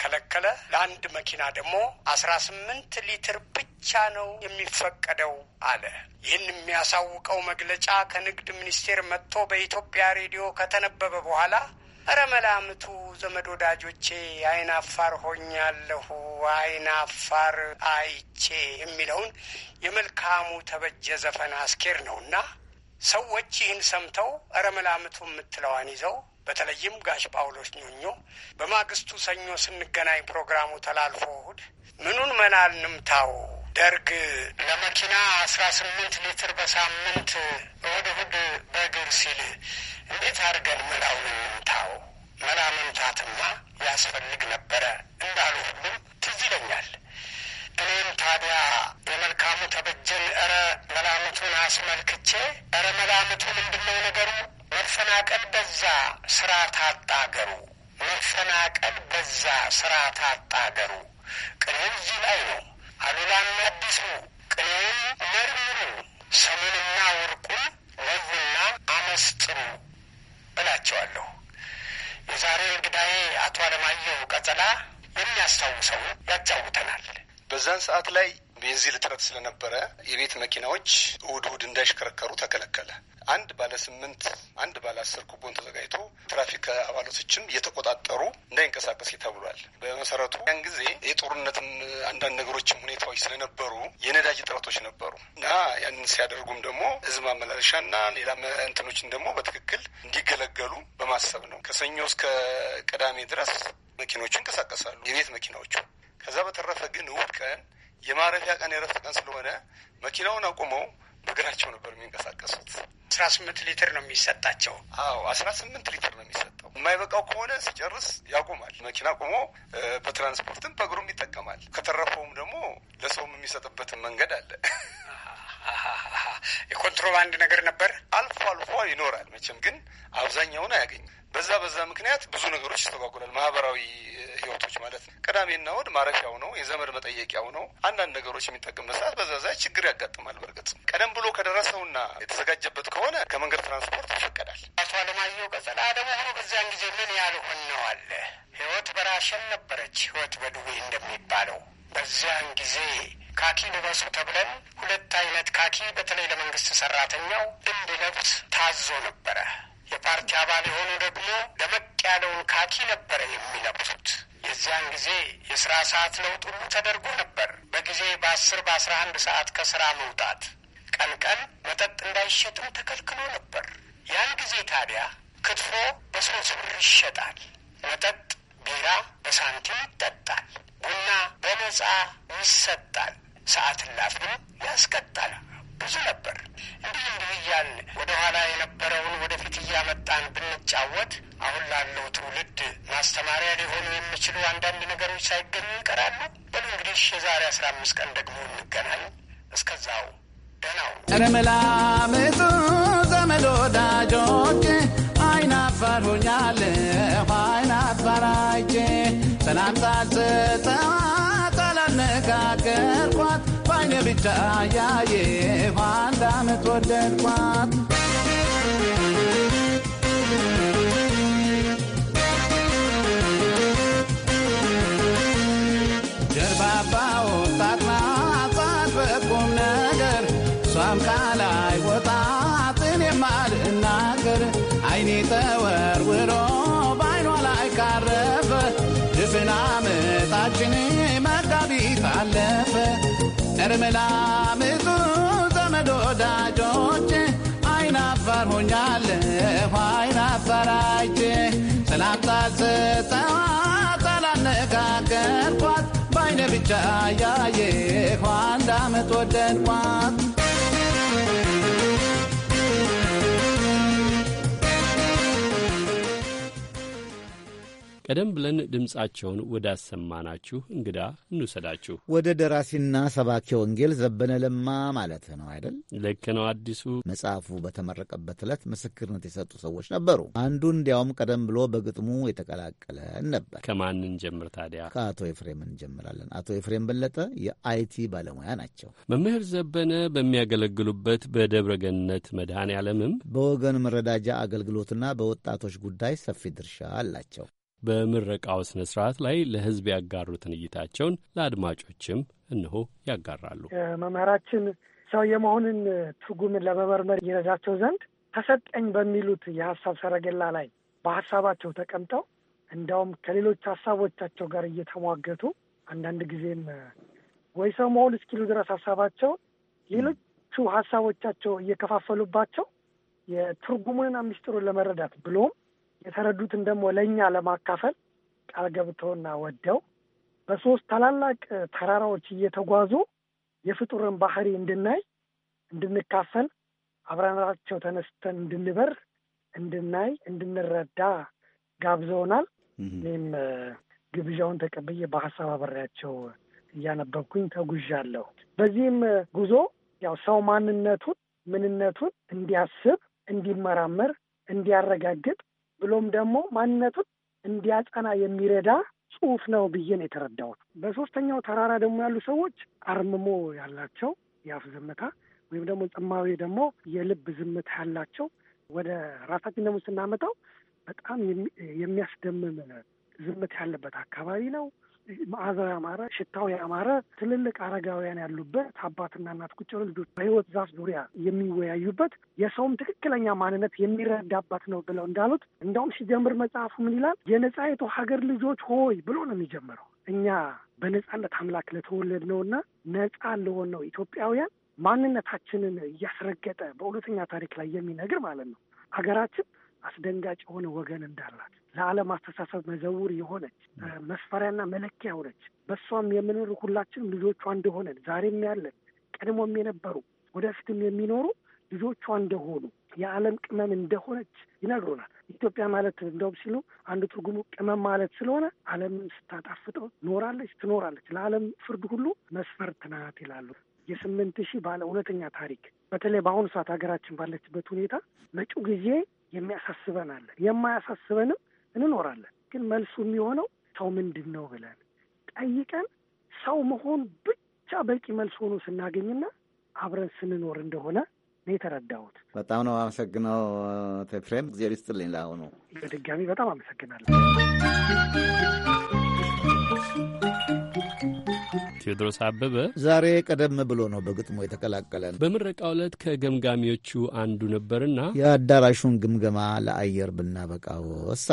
ከለከለ። ለአንድ መኪና ደግሞ አስራ ስምንት ሊትር ብቻ ነው የሚፈቀደው አለ። ይህን የሚያሳውቀው መግለጫ ከንግድ ሚኒስቴር መጥቶ በኢትዮጵያ ሬዲዮ ከተነበበ በኋላ እረ መላምቱ ዘመድ ወዳጆቼ አይን አፋር ሆኛለሁ አይን አፋር አይቼ የሚለውን የመልካሙ ተበጀ ዘፈን አስኬር ነውና ሰዎች ይህን ሰምተው እረ መላምቱ የምትለዋን ይዘው በተለይም ጋሽ ጳውሎስ ኞኞ በማግስቱ ሰኞ ስንገናኝ ፕሮግራሙ ተላልፎ እሑድ ምኑን መና እንምታው ደርግ ለመኪና አስራ ስምንት ሊትር በሳምንት እሑድ እሑድ በእግር ሲል እንዴት አድርገን መላውን እንምታው? መላ መምታትማ ያስፈልግ ነበረ እንዳሉ ሁሉም ትዝ ይለኛል። እኔም ታዲያ የመልካሙ ተበጀን እረ መላምቱን አስመልክቼ እረ መላምቱ ምንድነው ነገሩ? መፈናቀል በዛ ስራ ታጣገሩ፣ መፈናቀል በዛ ስራ ታጣገሩ። ቅኔው እዚህ ላይ ነው። አሉላና አዲሱ ቅኔውን መርምሩ፣ ሰሙንና ወርቁን ወጉና አመስጥሩ እላቸዋለሁ። የዛሬ እንግዳዬ አቶ አለማየሁ ቀጸላ የሚያስታውሰውን ያጫውተናል። በዛን ሰዓት ላይ ቤንዚል እጥረት ስለነበረ የቤት መኪናዎች እሁድ እሁድ እንዳይሽከረከሩ ተከለከለ። አንድ ባለ ስምንት አንድ ባለ አስር ኩቦን ተዘጋጅቶ ትራፊክ አባላቶችም እየተቆጣጠሩ እንዳይንቀሳቀስ ተብሏል። በመሰረቱ ያን ጊዜ የጦርነትም አንዳንድ ነገሮችም ሁኔታዎች ስለነበሩ የነዳጅ እጥረቶች ነበሩ እና ያንን ሲያደርጉም ደግሞ ህዝብ ማመላለሻና ሌላ እንትኖችን ደግሞ በትክክል እንዲገለገሉ በማሰብ ነው። ከሰኞ እስከ ቅዳሜ ድረስ መኪኖቹ ይንቀሳቀሳሉ። የቤት መኪናዎቹ ከዛ በተረፈ ግን እሑድ ቀን የማረፊያ ቀን የረፍት ቀን ስለሆነ መኪናውን አቁመው በእግራቸው ነበር የሚንቀሳቀሱት። አስራ ስምንት ሊትር ነው የሚሰጣቸው። አዎ አስራ ስምንት ሊትር ነው የሚሰጠው። የማይበቃው ከሆነ ሲጨርስ ያቆማል። መኪና ቆሞ በትራንስፖርትም በእግሩም ይጠቀማል። ከተረፈውም ደግሞ ለሰውም የሚሰጥበትን መንገድ አለ። የኮንትሮባንድ ነገር ነበር አልፎ አልፎ ይኖራል። መቼም ግን አብዛኛውን አያገኝም። በዛ በዛ ምክንያት ብዙ ነገሮች ይስተጓጉላል። ማህበራዊ ህይወቶች ማለት ነው። ቅዳሜና እሑድ ማረፊያው ነው፣ የዘመድ መጠየቂያው ነው። አንዳንድ ነገሮች የሚጠቅም ሰዓት በዛ ዛ ችግር ያጋጥማል። በእርግጥ ቀደም ብሎ ከደረሰውና የተዘጋጀበት ከሆነ ከመንገድ ትራንስፖርት ይፈቀዳል። አቶ አለማየሁ ቀጸላ ለመሆኑ በዚያን ጊዜ ምን ያህል ነው ህይወት በራሸን ነበረች፣ ህይወት በዱቤ እንደሚባለው በዚያን ጊዜ ካኪ ልበሱ ተብለን ሁለት አይነት ካኪ በተለይ ለመንግስት ሰራተኛው እንዲለብስ ታዞ ነበረ። የፓርቲ አባል የሆኑ ደግሞ ደመቅ ያለውን ካኪ ነበረ የሚለብሱት። የዚያን ጊዜ የስራ ሰዓት ለውጥ ሁሉ ተደርጎ ነበር። በጊዜ በአስር በአስራ አንድ ሰዓት ከስራ መውጣት፣ ቀን ቀን መጠጥ እንዳይሸጥም ተከልክሎ ነበር። ያን ጊዜ ታዲያ ክትፎ በሶስት ብር ይሸጣል። መጠጥ ቢራ በሳንቲም ይጠጣል። ቡና በነጻ ይሰጣል። ሰዓት እላፊም ያስቀጣል። ብዙ ነበር። እንዲህ እንዲህ እያን ወደኋላ የነበረውን ወደፊት እያመጣን ብንጫወት አሁን ላለው ትውልድ ማስተማሪያ ሊሆኑ የሚችሉ አንዳንድ ነገሮች ሳይገኙ ይቀራሉ። በሉ እንግዲህ የዛሬ አስራ አምስት ቀን ደግሞ እንገናኝ። እስከዛው ደህናው ረመላምጡ ዘመዶ ዳጆች አይናፋር ሆኛለሁ አይናፋራቼ ሰላምታ ስጠዋ ከአያዬ አንድ አመት ወደድኳት ስምላ ብዙ ዘመድ ወዳጆቼ አይናፋር ሆኛለሁ አይናፋራይቼ ሰላምታ ስጠዋ ሳላነጋገርኳት በአይነ ብቻ ያየኋ አመት ወደድኳት ቀደም ብለን ድምፃቸውን ወዳሰማናችሁ እንግዳ እንውሰዳችሁ። ወደ ደራሲና ሰባኪ ወንጌል ዘበነ ለማ ማለት ነው አይደል? ልክ ነው። አዲሱ መጽሐፉ በተመረቀበት ዕለት ምስክርነት የሰጡ ሰዎች ነበሩ። አንዱ እንዲያውም ቀደም ብሎ በግጥሙ የተቀላቀለን ነበር። ከማንን ጀምር ታዲያ? ከአቶ ኤፍሬም እንጀምራለን። አቶ ኤፍሬም በለጠ የአይቲ ባለሙያ ናቸው። መምህር ዘበነ በሚያገለግሉበት በደብረ ገነት መድኃኔ ዓለምም በወገን መረዳጃ አገልግሎትና በወጣቶች ጉዳይ ሰፊ ድርሻ አላቸው። በምረቃው ስነ ስርዓት ላይ ለህዝብ ያጋሩትን እይታቸውን ለአድማጮችም እንሆ ያጋራሉ። መምህራችን ሰው የመሆንን ትርጉም ለመመርመር ይረዳቸው ዘንድ ተሰጠኝ በሚሉት የሀሳብ ሰረገላ ላይ በሀሳባቸው ተቀምጠው እንዲያውም ከሌሎች ሀሳቦቻቸው ጋር እየተሟገቱ አንዳንድ ጊዜም ወይ ሰው መሆን እስኪሉ ድረስ ሀሳባቸውን ሌሎቹ ሀሳቦቻቸው እየከፋፈሉባቸው የትርጉሙንና ምስጢሩን ለመረዳት ብሎም የተረዱትን ደግሞ ለእኛ ለማካፈል ቃል ገብተውና ወደው በሶስት ታላላቅ ተራራዎች እየተጓዙ የፍጡርን ባህሪ እንድናይ እንድንካፈል አብረናቸው ተነስተን እንድንበር እንድናይ እንድንረዳ ጋብዘውናል። እኔም ግብዣውን ተቀብዬ በሀሳብ አበሬያቸው እያነበብኩኝ ተጉዣለሁ። በዚህም ጉዞ ያው ሰው ማንነቱን ምንነቱን እንዲያስብ፣ እንዲመራመር፣ እንዲያረጋግጥ ብሎም ደግሞ ማንነቱን እንዲያጸና የሚረዳ ጽሁፍ ነው ብዬ ነው የተረዳሁት። በሶስተኛው ተራራ ደግሞ ያሉ ሰዎች አርምሞ ያላቸው የአፍ ዝምታ ወይም ደግሞ ጽማዊ ደግሞ የልብ ዝምታ ያላቸው ወደ ራሳችን ደግሞ ስናመጣው በጣም የሚያስደምም ዝምታ ያለበት አካባቢ ነው። መዓዛው ያማረ ሽታው ያማረ ትልልቅ አረጋውያን ያሉበት አባትና እናት ቁጭ ብለው ልጆች በህይወት ዛፍ ዙሪያ የሚወያዩበት የሰውም ትክክለኛ ማንነት የሚረዳባት ነው ብለው እንዳሉት እንዳውም ሲጀምር መጽሐፉ ምን ይላል? የነጻይቱ ሀገር ልጆች ሆይ ብሎ ነው የሚጀምረው። እኛ በነጻነት አምላክ ለተወለድነውና ነጻ ለሆነው ኢትዮጵያውያን ማንነታችንን እያስረገጠ በእውነተኛ ታሪክ ላይ የሚነግር ማለት ነው። ሀገራችን አስደንጋጭ የሆነ ወገን እንዳላት ለዓለም አስተሳሰብ መዘውር የሆነች መስፈሪያና መለኪያ የሆነች በእሷም የምንር ሁላችንም ልጆቿ እንደሆነን ዛሬም ያለን ቀድሞም የነበሩ ወደፊትም የሚኖሩ ልጆቿ እንደሆኑ የዓለም ቅመም እንደሆነች ይነግሩናል። ኢትዮጵያ ማለት እንደውም ሲሉ አንዱ ትርጉሙ ቅመም ማለት ስለሆነ ዓለምን ስታጣፍጠው ኖራለች፣ ትኖራለች። ለዓለም ፍርድ ሁሉ መስፈርት ናት ይላሉ። የስምንት ሺህ ባለ እውነተኛ ታሪክ በተለይ በአሁኑ ሰዓት ሀገራችን ባለችበት ሁኔታ መጪው ጊዜ የሚያሳስበን አለን። የማያሳስበንም እንኖራለን። ግን መልሱ የሚሆነው ሰው ምንድን ነው ብለን ጠይቀን ሰው መሆን ብቻ በቂ መልስ ሆኖ ስናገኝና አብረን ስንኖር እንደሆነ ነው የተረዳሁት። በጣም ነው አመሰግነው ቴፍሬም፣ እግዚአብሔር ይስጥልኝ። ለአሁኑ በድጋሚ በጣም አመሰግናለሁ። ቴዎድሮስ አበበ ዛሬ ቀደም ብሎ ነው በግጥሞ የተቀላቀለን። በምረቃ ዕለት ከገምጋሚዎቹ አንዱ ነበርና የአዳራሹን ግምገማ ለአየር ብናበቃው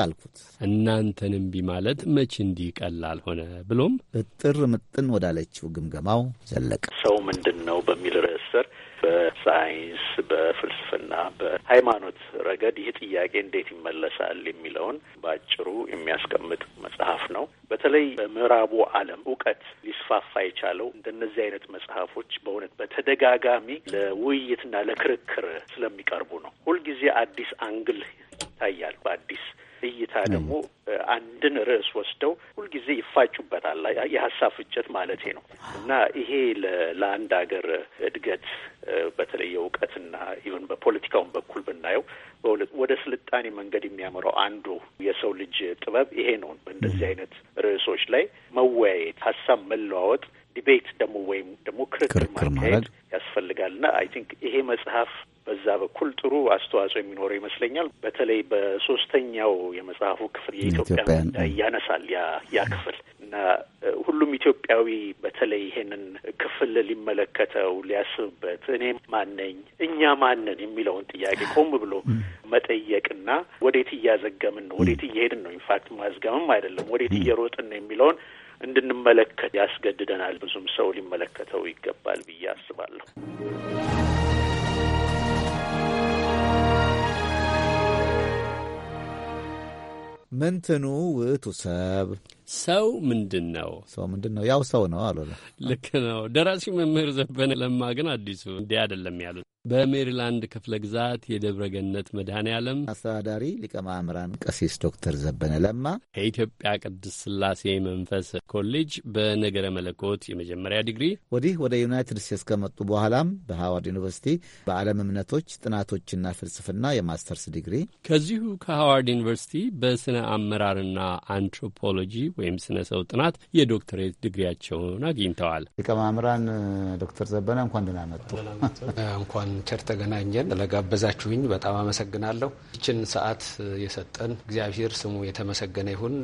አልኩት። እናንተን እምቢ ማለት መቼ እንዲህ ቀላል ሆነ ብሎም እጥር ምጥን ወዳለችው ግምገማው ዘለቀ። ሰው ምንድን ነው በሚል ርዕስ ስር በሳይንስ፣ በፍልስፍና፣ በሃይማኖት ረገድ ይህ ጥያቄ እንዴት ይመለሳል የሚለውን በአጭሩ የሚያስቀምጥ መጽሐፍ ነው። በተለይ በምዕራቡ ዓለም እውቀት ሊስፋፋ የቻለው እንደነዚህ አይነት መጽሐፎች በእውነት በተደጋጋሚ ለውይይትና ለክርክር ስለሚቀርቡ ነው። ሁልጊዜ አዲስ አንግል ይታያል በአዲስ እይታ ደግሞ አንድን ርዕስ ወስደው ሁልጊዜ ይፋጩበታል። የሀሳብ ፍጨት ማለት ነው እና ይሄ ለአንድ ሀገር እድገት በተለይ እውቀትና ይሁን በፖለቲካውን በኩል ብናየው ወደ ስልጣኔ መንገድ የሚያምረው አንዱ የሰው ልጅ ጥበብ ይሄ ነው። በእንደዚህ አይነት ርዕሶች ላይ መወያየት፣ ሀሳብ መለዋወጥ ዲቤት ደግሞ ወይም ደግሞ ክርክር ማካሄድ ያስፈልጋልና አይ ቲንክ ይሄ መጽሐፍ በዛ በኩል ጥሩ አስተዋጽኦ የሚኖረው ይመስለኛል። በተለይ በሶስተኛው የመጽሐፉ ክፍል የኢትዮጵያ ያነሳል ያ ያ ክፍል እና ሁሉም ኢትዮጵያዊ በተለይ ይሄንን ክፍል ሊመለከተው ሊያስብበት፣ እኔ ማነኝ እኛ ማንን የሚለውን ጥያቄ ቆም ብሎ መጠየቅና ወዴት እያዘገምን ነው ወዴት እየሄድን ነው ኢንፋክት ማዝገምም አይደለም ወዴት እየሮጥን ነው የሚለውን እንድንመለከት ያስገድደናል። ብዙም ሰው ሊመለከተው ይገባል ብዬ አስባለሁ። ምንትኑ ውእቱ ሰብ ሰው ምንድን ነው? ሰው ምንድን ነው? ያው ሰው ነው አሉ። ልክ ነው። ደራሲ መምህር ዘበነ ለማ ግን አዲሱ እንዲህ አይደለም ያሉት። በሜሪላንድ ክፍለ ግዛት የደብረ ገነት መድኃኔ ዓለም አስተዳዳሪ ሊቀ ማእምራን ቀሲስ ዶክተር ዘበነ ለማ ከኢትዮጵያ ቅድስት ስላሴ መንፈስ ኮሌጅ በነገረ መለኮት የመጀመሪያ ዲግሪ ወዲህ ወደ ዩናይትድ ስቴትስ ከመጡ በኋላም በሃዋርድ ዩኒቨርሲቲ በዓለም እምነቶች ጥናቶችና ፍልስፍና የማስተርስ ዲግሪ ከዚሁ ከሃዋርድ ዩኒቨርሲቲ በስነ አመራርና አንትሮፖሎጂ ወይም ስነ ሰው ጥናት የዶክትሬት ድግሪያቸውን አግኝተዋል። ሊቀማምራን ዶክተር ዘበነ እንኳን ደህና መጡ። እንኳን ቸር ተገናኘን። ለጋበዛችሁኝ በጣም አመሰግናለሁ። ይችን ሰዓት የሰጠን እግዚአብሔር ስሙ የተመሰገነ ይሁን።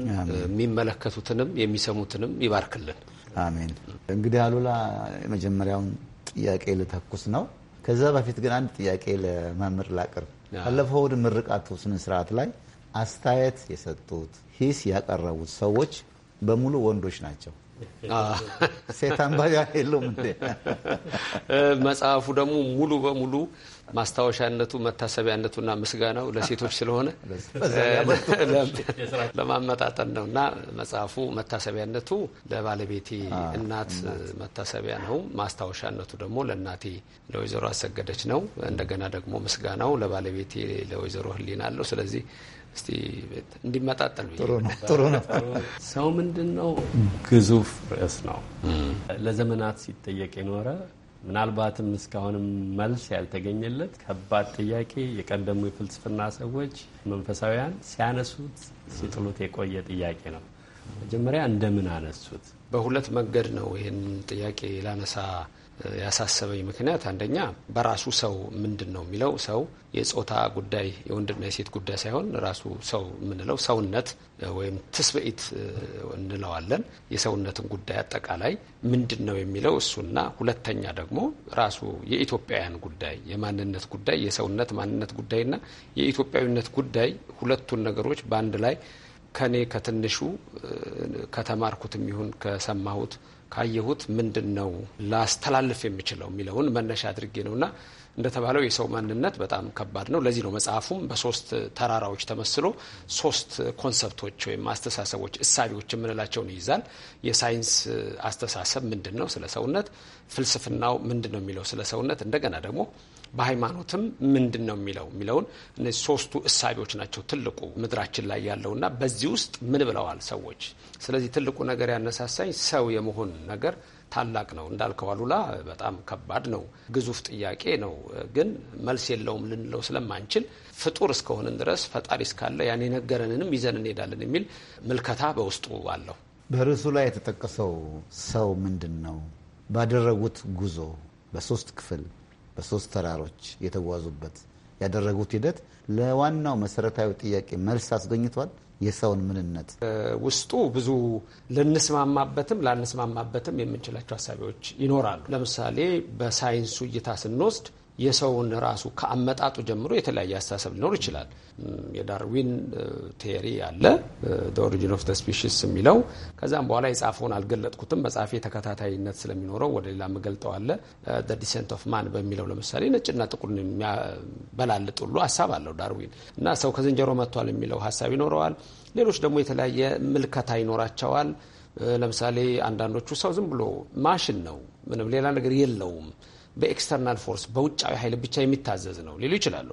የሚመለከቱትንም የሚሰሙትንም ይባርክልን። አሜን። እንግዲህ አሉላ የመጀመሪያውን ጥያቄ ልተኩስ ነው። ከዛ በፊት ግን አንድ ጥያቄ ለመምህር ላቅርብ። ባለፈው እሑድ ምርቃቱ ስነ ስርዓት ላይ አስተያየት የሰጡት ሂስ ያቀረቡት ሰዎች በሙሉ ወንዶች ናቸው። ሴት አንባቢያን የለውም መጽሐፉ ደግሞ ሙሉ በሙሉ ማስታወሻነቱ መታሰቢያነቱና ምስጋናው ለሴቶች ስለሆነ ለማመጣጠን ነው እና መጽሐፉ መታሰቢያነቱ ለባለቤቴ እናት መታሰቢያ ነው። ማስታወሻነቱ ደግሞ ለእናቴ ለወይዘሮ አሰገደች ነው። እንደገና ደግሞ ምስጋናው ለባለቤቴ ለወይዘሮ ህሊና አለው። ስለዚህ እስቲ ቤት እንዲመጣጠል ጥሩ ነው። ሰው ምንድን ነው? ግዙፍ ርዕስ ነው። ለዘመናት ሲጠየቅ የኖረ ምናልባትም እስካሁንም መልስ ያልተገኘለት ከባድ ጥያቄ የቀደሙ የፍልስፍና ሰዎች መንፈሳውያን ሲያነሱት ሲጥሉት የቆየ ጥያቄ ነው። መጀመሪያ እንደምን አነሱት? በሁለት መንገድ ነው ይህን ጥያቄ ላነሳ ያሳሰበኝ ምክንያት አንደኛ በራሱ ሰው ምንድን ነው የሚለው ሰው የጾታ ጉዳይ የወንድና የሴት ጉዳይ ሳይሆን ራሱ ሰው የምንለው ሰውነት ወይም ትስብዒት እንለዋለን። የሰውነትን ጉዳይ አጠቃላይ ምንድን ነው የሚለው እሱና ሁለተኛ ደግሞ ራሱ የኢትዮጵያውያን ጉዳይ የማንነት ጉዳይ የሰውነት ማንነት ጉዳይና የኢትዮጵያዊነት ጉዳይ ሁለቱን ነገሮች በአንድ ላይ ከኔ ከትንሹ ከተማርኩትም ይሁን ከሰማሁት ካየሁት ምንድን ነው ላስተላልፍ የምችለው የሚለውን መነሻ አድርጌ ነው እንደተባለው የሰው ማንነት በጣም ከባድ ነው። ለዚህ ነው መጽሐፉም በሶስት ተራራዎች ተመስሎ ሶስት ኮንሰፕቶች ወይም አስተሳሰቦች፣ እሳቤዎች የምንላቸውን ይይዛል። የሳይንስ አስተሳሰብ ምንድን ነው ስለ ሰውነት፣ ፍልስፍናው ምንድን ነው የሚለው ስለ ሰውነት፣ እንደገና ደግሞ በሃይማኖትም ምንድን ነው የሚለው የሚለውን እነዚህ ሶስቱ እሳቤዎች ናቸው ትልቁ ምድራችን ላይ ያለውና በዚህ ውስጥ ምን ብለዋል ሰዎች። ስለዚህ ትልቁ ነገር ያነሳሳኝ ሰው የመሆን ነገር ታላቅ ነው እንዳልከው አሉላ፣ በጣም ከባድ ነው፣ ግዙፍ ጥያቄ ነው። ግን መልስ የለውም ልንለው ስለማንችል ፍጡር እስከሆንን ድረስ ፈጣሪ እስካለ ያን የነገረንንም ይዘን እንሄዳለን የሚል ምልከታ በውስጡ አለው። በርዕሱ ላይ የተጠቀሰው ሰው ምንድን ነው? ባደረጉት ጉዞ በሶስት ክፍል በሶስት ተራሮች የተጓዙበት ያደረጉት ሂደት ለዋናው መሰረታዊ ጥያቄ መልስ አስገኝቷል። የሰውን ምንነት ውስጡ ብዙ ልንስማማበትም ላንስማማበትም የምንችላቸው ሀሳቢዎች ይኖራሉ። ለምሳሌ በሳይንሱ እይታ ስንወስድ የሰውን ራሱ ከአመጣጡ ጀምሮ የተለያየ አስተሳሰብ ሊኖር ይችላል። የዳርዊን ቴሪ አለ ኦሪጂን ኦፍ ስፒሽስ የሚለው ከዛም በኋላ የጻፈውን አልገለጥኩትም። መጽሐፌ ተከታታይነት ስለሚኖረው ወደ ሌላ መገልጠው አለ ዲሴንት ኦፍ ማን በሚለው ለምሳሌ ነጭና ጥቁርን የሚያበላልጥ ሁሉ ሀሳብ አለው ዳርዊን እና ሰው ከዝንጀሮ መጥቷል የሚለው ሀሳብ ይኖረዋል። ሌሎች ደግሞ የተለያየ ምልከታ ይኖራቸዋል። ለምሳሌ አንዳንዶቹ ሰው ዝም ብሎ ማሽን ነው፣ ምንም ሌላ ነገር የለውም በኤክስተርናል ፎርስ በውጫዊ ኃይል ብቻ የሚታዘዝ ነው ሊሉ ይችላሉ።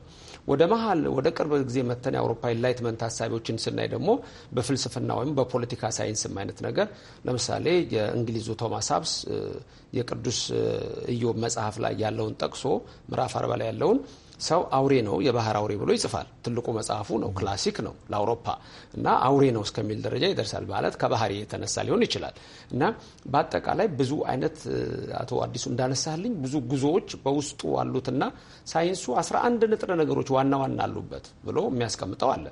ወደ መሀል ወደ ቅርብ ጊዜ መተን የአውሮፓ ኢንላይትመንት ሀሳቢዎችን ስናይ ደግሞ በፍልስፍና ወይም በፖለቲካ ሳይንስም አይነት ነገር ለምሳሌ የእንግሊዙ ቶማስ ሀብስ የቅዱስ እዮብ መጽሐፍ ላይ ያለውን ጠቅሶ ምዕራፍ አርባ ላይ ያለውን ሰው አውሬ ነው የባህር አውሬ ብሎ ይጽፋል። ትልቁ መጽሐፉ ነው፣ ክላሲክ ነው ለአውሮፓ እና አውሬ ነው እስከሚል ደረጃ ይደርሳል። ማለት ከባህር የተነሳ ሊሆን ይችላል እና በአጠቃላይ ብዙ አይነት አቶ አዲሱ እንዳነሳልኝ ብዙ ጉዞዎች በውስጡ አሉትና ሳይንሱ 11 ንጥረ ነገሮች ዋና ዋና አሉበት ብሎ የሚያስቀምጠው አለ።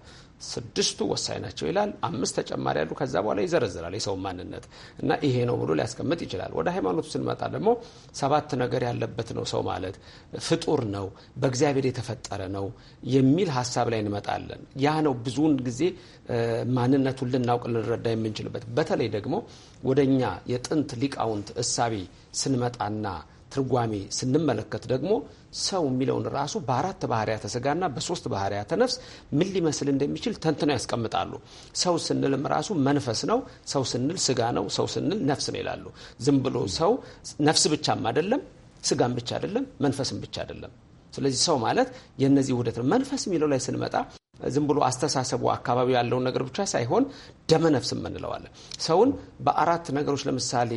ስድስቱ ወሳኝ ናቸው ይላል። አምስት ተጨማሪ ያሉ ከዛ በኋላ ይዘረዝራል የሰው ማንነት እና ይሄ ነው ብሎ ሊያስቀምጥ ይችላል። ወደ ሃይማኖቱ ስንመጣ ደግሞ ሰባት ነገር ያለበት ነው ሰው ማለት ፍጡር ነው፣ በእግዚአብሔር የተፈጠረ ነው የሚል ሀሳብ ላይ እንመጣለን። ያ ነው ብዙውን ጊዜ ማንነቱን ልናውቅ ልንረዳ የምንችልበት። በተለይ ደግሞ ወደ እኛ የጥንት ሊቃውንት እሳቤ ስንመጣና ትርጓሜ ስንመለከት ደግሞ ሰው የሚለውን ራሱ በአራት ባህርያተ ስጋና በሶስት ባህርያተ ነፍስ ምን ሊመስል እንደሚችል ተንትነው ያስቀምጣሉ። ሰው ስንልም ራሱ መንፈስ ነው፣ ሰው ስንል ስጋ ነው፣ ሰው ስንል ነፍስ ነው ይላሉ። ዝም ብሎ ሰው ነፍስ ብቻም አይደለም፣ ስጋም ብቻ አይደለም፣ መንፈስም ብቻ አይደለም። ስለዚህ ሰው ማለት የእነዚህ ውህደት ነው። መንፈስ የሚለው ላይ ስንመጣ ዝም ብሎ አስተሳሰቡ አካባቢ ያለውን ነገር ብቻ ሳይሆን ደመነፍስ የምንለዋለን ሰውን በአራት ነገሮች ለምሳሌ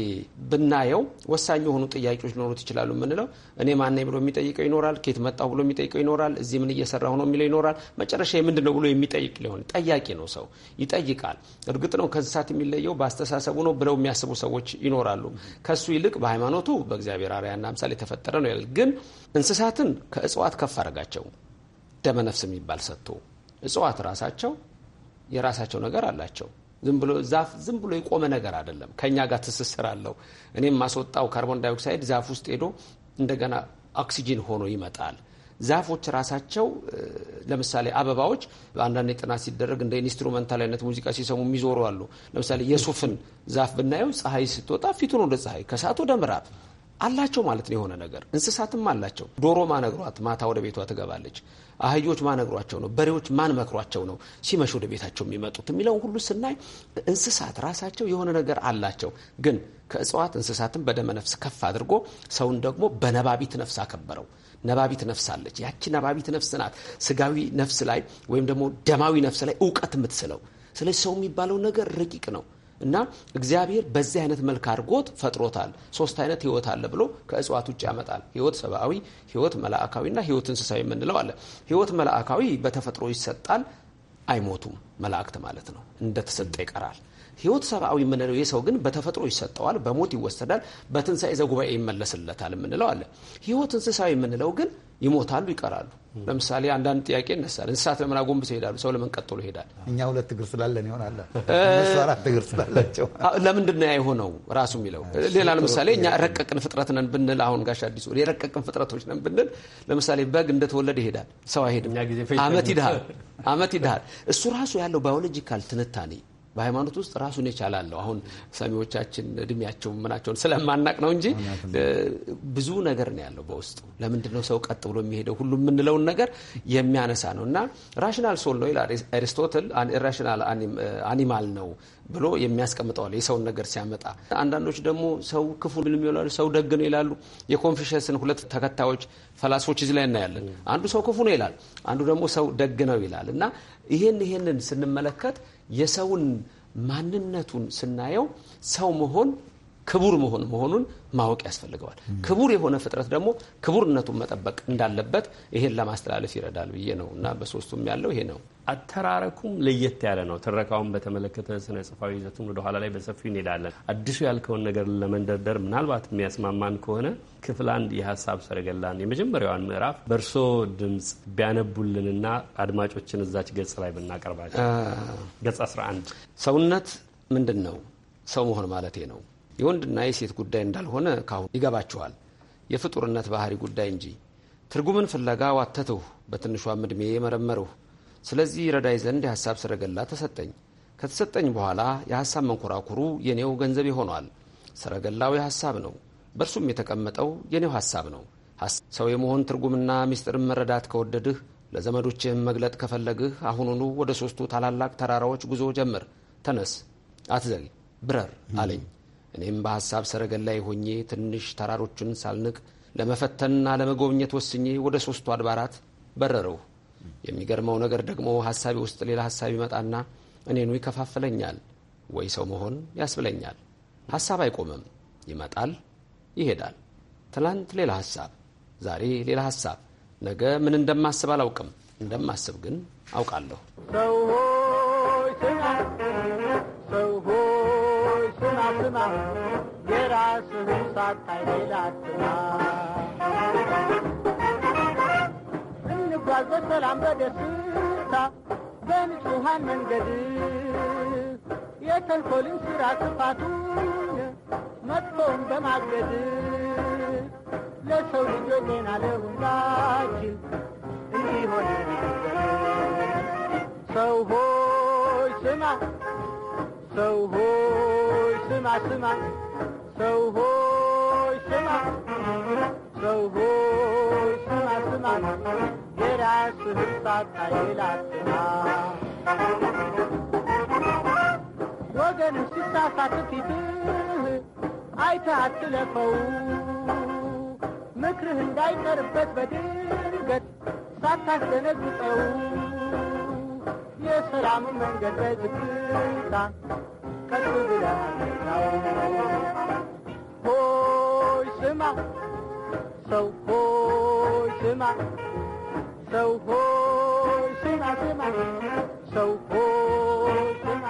ብናየው ወሳኝ የሆኑ ጥያቄዎች ሊኖሩት ይችላሉ የምንለው እኔ ማነኝ ብሎ የሚጠይቀው ይኖራል። ኬት መጣሁ ብሎ የሚጠይቀው ይኖራል። እዚህ ምን እየሰራ ነው የሚለው ይኖራል። መጨረሻ የምንድን ነው ብሎ የሚጠይቅ ሊሆን ጠያቂ ነው ሰው ይጠይቃል። እርግጥ ነው ከእንስሳት የሚለየው በአስተሳሰቡ ነው ብለው የሚያስቡ ሰዎች ይኖራሉ። ከሱ ይልቅ በሃይማኖቱ በእግዚአብሔር አርአያና ምሳሌ የተፈጠረ ነው ግን እንስሳትን ከእጽዋት ከፍ ደመ ደመነፍስ የሚባል ሰጥቶ እጽዋት ራሳቸው የራሳቸው ነገር አላቸው። ዝም ብሎ ዛፍ ዝም ብሎ የቆመ ነገር አይደለም። ከእኛ ጋር ትስስር አለው። እኔም ማስወጣው ካርቦን ዳይኦክሳይድ ዛፍ ውስጥ ሄዶ እንደገና ኦክሲጂን ሆኖ ይመጣል። ዛፎች ራሳቸው ለምሳሌ አበባዎች አንዳንድ የጥናት ሲደረግ እንደ ኢንስትሩመንታል አይነት ሙዚቃ ሲሰሙ የሚዞሩ አሉ። ለምሳሌ የሱፍን ዛፍ ብናየው ፀሐይ ስትወጣ ፊቱን ወደ ፀሐይ ከሰዓት ወደ ምዕራብ አላቸው ማለት ነው። የሆነ ነገር እንስሳትም አላቸው። ዶሮ ማነግሯት ማታ ወደ ቤቷ ትገባለች። አህዮች ማነግሯቸው ነው። በሬዎች ማንመክሯቸው ነው ሲመሽ ወደ ቤታቸው የሚመጡት የሚለው ሁሉ ስናይ እንስሳት ራሳቸው የሆነ ነገር አላቸው። ግን ከእጽዋት እንስሳትን በደመ ነፍስ ከፍ አድርጎ ሰውን ደግሞ በነባቢት ነፍስ አከበረው። ነባቢት ነፍስ አለች። ያቺ ነባቢት ነፍስ ናት ስጋዊ ነፍስ ላይ ወይም ደግሞ ደማዊ ነፍስ ላይ እውቀት የምትስለው። ስለዚህ ሰው የሚባለው ነገር ረቂቅ ነው። እና እግዚአብሔር በዚህ አይነት መልክ አድርጎት ፈጥሮታል። ሶስት አይነት ህይወት አለ ብሎ ከእጽዋት ውጭ ያመጣል። ህይወት ሰብአዊ፣ ህይወት መላእካዊና ህይወት እንስሳዊ የምንለው አለ። ህይወት መላእካዊ በተፈጥሮ ይሰጣል፣ አይሞቱም መላእክት ማለት ነው። እንደተሰጠ ይቀራል። ህይወት ሰብአዊ የምንለው የሰው ግን በተፈጥሮ ይሰጠዋል፣ በሞት ይወሰዳል፣ በትንሣኤ ዘጉባኤ ይመለስለታል የምንለው አለ። ህይወት እንስሳዊ የምንለው ግን ይሞታሉ፣ ይቀራሉ። ለምሳሌ አንዳንድ ጥያቄ ይነሳል። እንስሳት ለምን አጎንብሰው ይሄዳሉ? ሰው ለምን ቀጥሎ ይሄዳል? እኛ ሁለት እግር ስላለን ይሆናል፣ እነሱ አራት እግር ስላላቸው ለምንድን ነው የሆነው ራሱ የሚለው ሌላ። ለምሳሌ እኛ ረቀቅን ፍጥረት ነን ብንል፣ አሁን ጋሽ አዲሱ የረቀቅን ፍጥረቶች ነን ብንል፣ ለምሳሌ በግ እንደተወለደ ይሄዳል፣ ሰው አይሄድም። አመት ይድሃል፣ አመት ይድሃል። እሱ ራሱ ያለው ባዮሎጂካል ትንታኔ በሃይማኖት ውስጥ ራሱን የቻላለው አሁን ሰሚዎቻችን እድሜያቸው ምናቸውን ስለማናቅ ነው እንጂ ብዙ ነገር ነው ያለው በውስጡ። ለምንድን ነው ሰው ቀጥ ብሎ የሚሄደው? ሁሉ የምንለውን ነገር የሚያነሳ ነው እና ራሽናል ሶል ነው ይላል አሪስቶትል። ራሽናል አኒማል ነው ብሎ የሚያስቀምጠዋል የሰውን ነገር ሲያመጣ። አንዳንዶች ደግሞ ሰው ክፉ ምንም ይላሉ፣ ሰው ደግ ነው ይላሉ። የኮንፊሽስን ሁለት ተከታዮች ፈላሶች እዚህ ላይ እናያለን። አንዱ ሰው ክፉ ነው ይላል፣ አንዱ ደግሞ ሰው ደግ ነው ይላል እና ይሄን ይሄንን ስንመለከት የሰውን ማንነቱን ስናየው ሰው መሆን ክቡር መሆን መሆኑን ማወቅ ያስፈልገዋል። ክቡር የሆነ ፍጥረት ደግሞ ክቡርነቱን መጠበቅ እንዳለበት ይሄን ለማስተላለፍ ይረዳል ብዬ ነው እና በሶስቱም ያለው ይሄ ነው። አተራረኩም ለየት ያለ ነው። ትረካውን በተመለከተ ስነ ጽፋዊ ይዘቱን ወደኋላ ላይ በሰፊው እንሄዳለን። አዲሱ ያልከውን ነገር ለመንደርደር ምናልባት የሚያስማማን ከሆነ ክፍል አንድ የሀሳብ ሰረገላን የመጀመሪያዋን ምዕራፍ በእርሶ ድምፅ ቢያነቡልንና አድማጮችን እዛች ገጽ ላይ ብናቀርባቸው ገጽ 11 ሰውነት ምንድን ነው? ሰው መሆን ማለት ነው የወንድና የሴት ጉዳይ እንዳልሆነ ካሁን ይገባቸዋል። የፍጡርነት ባህሪ ጉዳይ እንጂ ትርጉምን ፍለጋ ዋተትሁ፣ በትንሿም ዕድሜ የመረመርሁ። ስለዚህ ረዳይ ዘንድ የሐሳብ ሰረገላ ተሰጠኝ። ከተሰጠኝ በኋላ የሐሳብ መንኮራኩሩ የኔው ገንዘቤ ሆኗል። ሰረገላው የሐሳብ ነው፣ በእርሱም የተቀመጠው የኔው ሐሳብ ነው። ሰው የመሆን ትርጉምና ምስጢርን መረዳት ከወደድህ፣ ለዘመዶችህም መግለጥ ከፈለግህ፣ አሁኑኑ ወደ ሦስቱ ታላላቅ ተራራዎች ጉዞ ጀምር። ተነስ፣ አትዘግይ፣ ብረር አለኝ። እኔም በሐሳብ ሰረገላይ ሆኜ ትንሽ ተራሮችን ሳልንቅ ለመፈተንና ለመጎብኘት ወስኜ ወደ ሦስቱ አድባራት በረረው። የሚገርመው ነገር ደግሞ ሐሳቤ ውስጥ ሌላ ሐሳብ ይመጣና እኔኑ ይከፋፍለኛል፣ ወይ ሰው መሆን ያስብለኛል። ሐሳብ አይቆምም፣ ይመጣል፣ ይሄዳል። ትናንት ሌላ ሐሳብ፣ ዛሬ ሌላ ሐሳብ፣ ነገ ምን እንደማስብ አላውቅም። እንደማስብ ግን አውቃለሁ። አትማ የራስህን ሳታይ እንጓዝ በሰላም በደስታ በንጹሐን መንገድ የተንኮልን ስራ ክፋቱን መጥፎውን በማገድ ለሰው ልጆ ዜና ለሁላችን እንዲሆን ሰው ሆይ ስማ ሰው ሆይ ስማ ስማ ሰው ሆይ ስማ ሰው ሆይ ስማ ስማ የራስህን ሳታይል አትማ ወገንም ሲሳሳት ፊትህ አይተህ አትለፈው ምክርህ እንዳይቀርበት በድንገት ሳታስደነግጠው የሰላምን መንገድ በዝግታ ቀጥ ብለህ ሆይ ስማ ሰው ሆይ ስማ ሰው ሆይ ስማ ስማ ሰው ሆይ ስማ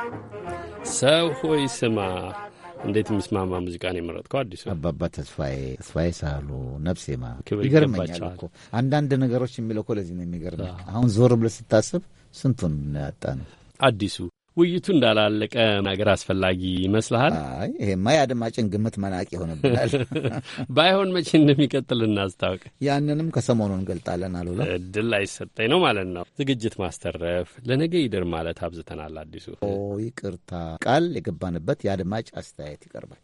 ሰው ሆይ ስማ። እንዴት የሚስማማ ሙዚቃን የመረጥከው አዲሱ? አባባ ተስፋዬ ተስፋዬ ሳሉ ነፍሴ ማ ይገርመኛል እኮ አንዳንድ ነገሮች የሚለው እኮ ለዚህ ነው የሚገርመኝ። አሁን ዞር ብለህ ስታስብ ስንቱን ያጣ ነው። አዲሱ ውይይቱ እንዳላለቀ ነገር አስፈላጊ ይመስልሃል? አይ ይሄማ የአድማጭን ግምት መናቅ ይሆንብናል። ባይሆን መቼ እንደሚቀጥል እናስታውቅ። ያንንም ከሰሞኑ እንገልጣለን። አሉ እድል አይሰጠኝ ነው ማለት ነው። ዝግጅት ማስተረፍ ለነገ ይድር ማለት አብዝተናል። አዲሱ ይቅርታ ቃል የገባንበት የአድማጭ አስተያየት ይቀርባል።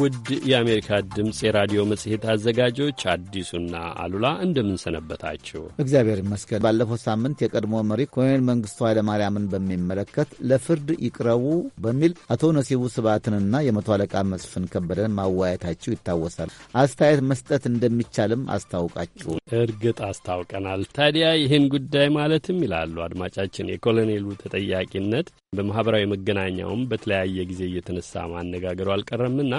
ውድ የአሜሪካ ድምፅ የራዲዮ መጽሔት አዘጋጆች አዲሱና አሉላ እንደምንሰነበታችሁ። እግዚአብሔር ይመስገን። ባለፈው ሳምንት የቀድሞ መሪ ኮሎኔል መንግስቱ ኃይለማርያምን በሚመለከት ለፍርድ ይቅረቡ በሚል አቶ ነሲቡ ስብዓትንና የመቶ አለቃ መስፍን ከበደን ማወያየታችሁ ይታወሳል። አስተያየት መስጠት እንደሚቻልም አስታውቃችሁ፣ እርግጥ አስታውቀናል። ታዲያ ይህን ጉዳይ ማለትም ይላሉ አድማጫችን የኮሎኔሉ ተጠያቂነት በማህበራዊ መገናኛውም በተለያየ ጊዜ እየተነሳ ማነጋገሩ አልቀረምና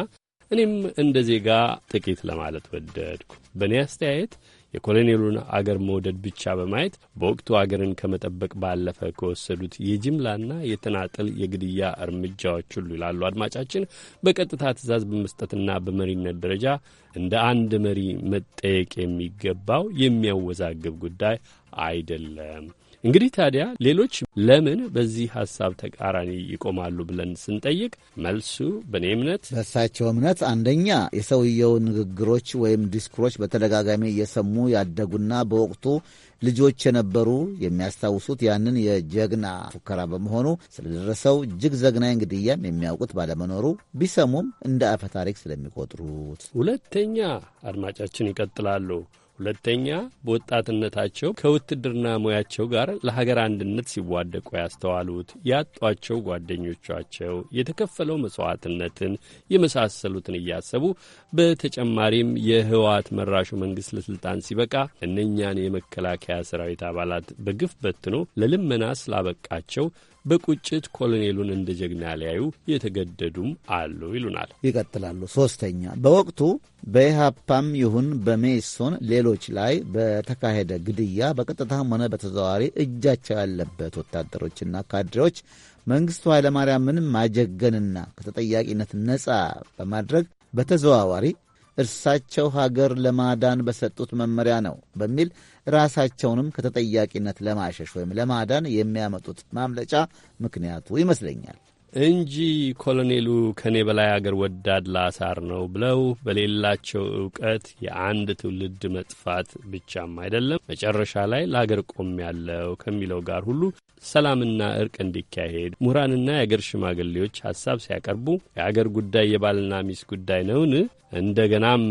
እኔም እንደ ዜጋ ጥቂት ለማለት ወደድኩ። በእኔ አስተያየት የኮሎኔሉን አገር መውደድ ብቻ በማየት በወቅቱ አገርን ከመጠበቅ ባለፈ ከወሰዱት የጅምላና የተናጠል የግድያ እርምጃዎች ሁሉ ይላሉ አድማጫችን፣ በቀጥታ ትዕዛዝ በመስጠትና በመሪነት ደረጃ እንደ አንድ መሪ መጠየቅ የሚገባው የሚያወዛግብ ጉዳይ አይደለም እንግዲህ ታዲያ ሌሎች ለምን በዚህ ሀሳብ ተቃራኒ ይቆማሉ ብለን ስንጠይቅ መልሱ በእኔ እምነት በእሳቸው እምነት አንደኛ የሰውየው ንግግሮች ወይም ዲስኩሮች በተደጋጋሚ እየሰሙ ያደጉና በወቅቱ ልጆች የነበሩ የሚያስታውሱት ያንን የጀግና ፉከራ በመሆኑ ስለደረሰው እጅግ ዘግናኝ ግድያም የሚያውቁት ባለመኖሩ ቢሰሙም እንደ አፈ ታሪክ ስለሚቆጥሩት። ሁለተኛ አድማጫችን ይቀጥላሉ ሁለተኛ በወጣትነታቸው ከውትድርና ሙያቸው ጋር ለሀገር አንድነት ሲዋደቁ ያስተዋሉት ያጧቸው ጓደኞቻቸው የተከፈለው መስዋዕትነትን የመሳሰሉትን እያሰቡ በተጨማሪም የህወሓት መራሹ መንግስት ለስልጣን ሲበቃ እነኛን የመከላከያ ሰራዊት አባላት በግፍ በትኖ ለልመና ስላበቃቸው በቁጭት ኮሎኔሉን እንደ ጀግና ሊያዩ የተገደዱም አሉ ይሉናል። ይቀጥላሉ። ሶስተኛ በወቅቱ በኢህአፓም ይሁን በሜሶን ሌሎች ላይ በተካሄደ ግድያ በቀጥታም ሆነ በተዘዋዋሪ እጃቸው ያለበት ወታደሮችና ካድሬዎች መንግስቱ ኃይለማርያምን ማጀገንና ከተጠያቂነት ነጻ በማድረግ በተዘዋዋሪ እርሳቸው ሀገር ለማዳን በሰጡት መመሪያ ነው በሚል ራሳቸውንም ከተጠያቂነት ለማሸሽ ወይም ለማዳን የሚያመጡት ማምለጫ ምክንያቱ ይመስለኛል እንጂ ኮሎኔሉ ከእኔ በላይ አገር ወዳድ ላሳር ነው ብለው በሌላቸው እውቀት የአንድ ትውልድ መጥፋት ብቻም አይደለም መጨረሻ ላይ ለአገር ቆም ያለው ከሚለው ጋር ሁሉ ሰላምና እርቅ እንዲካሄድ ምሁራንና የአገር ሽማግሌዎች ሀሳብ ሲያቀርቡ የአገር ጉዳይ የባልና ሚስት ጉዳይ ነውን? እንደገናም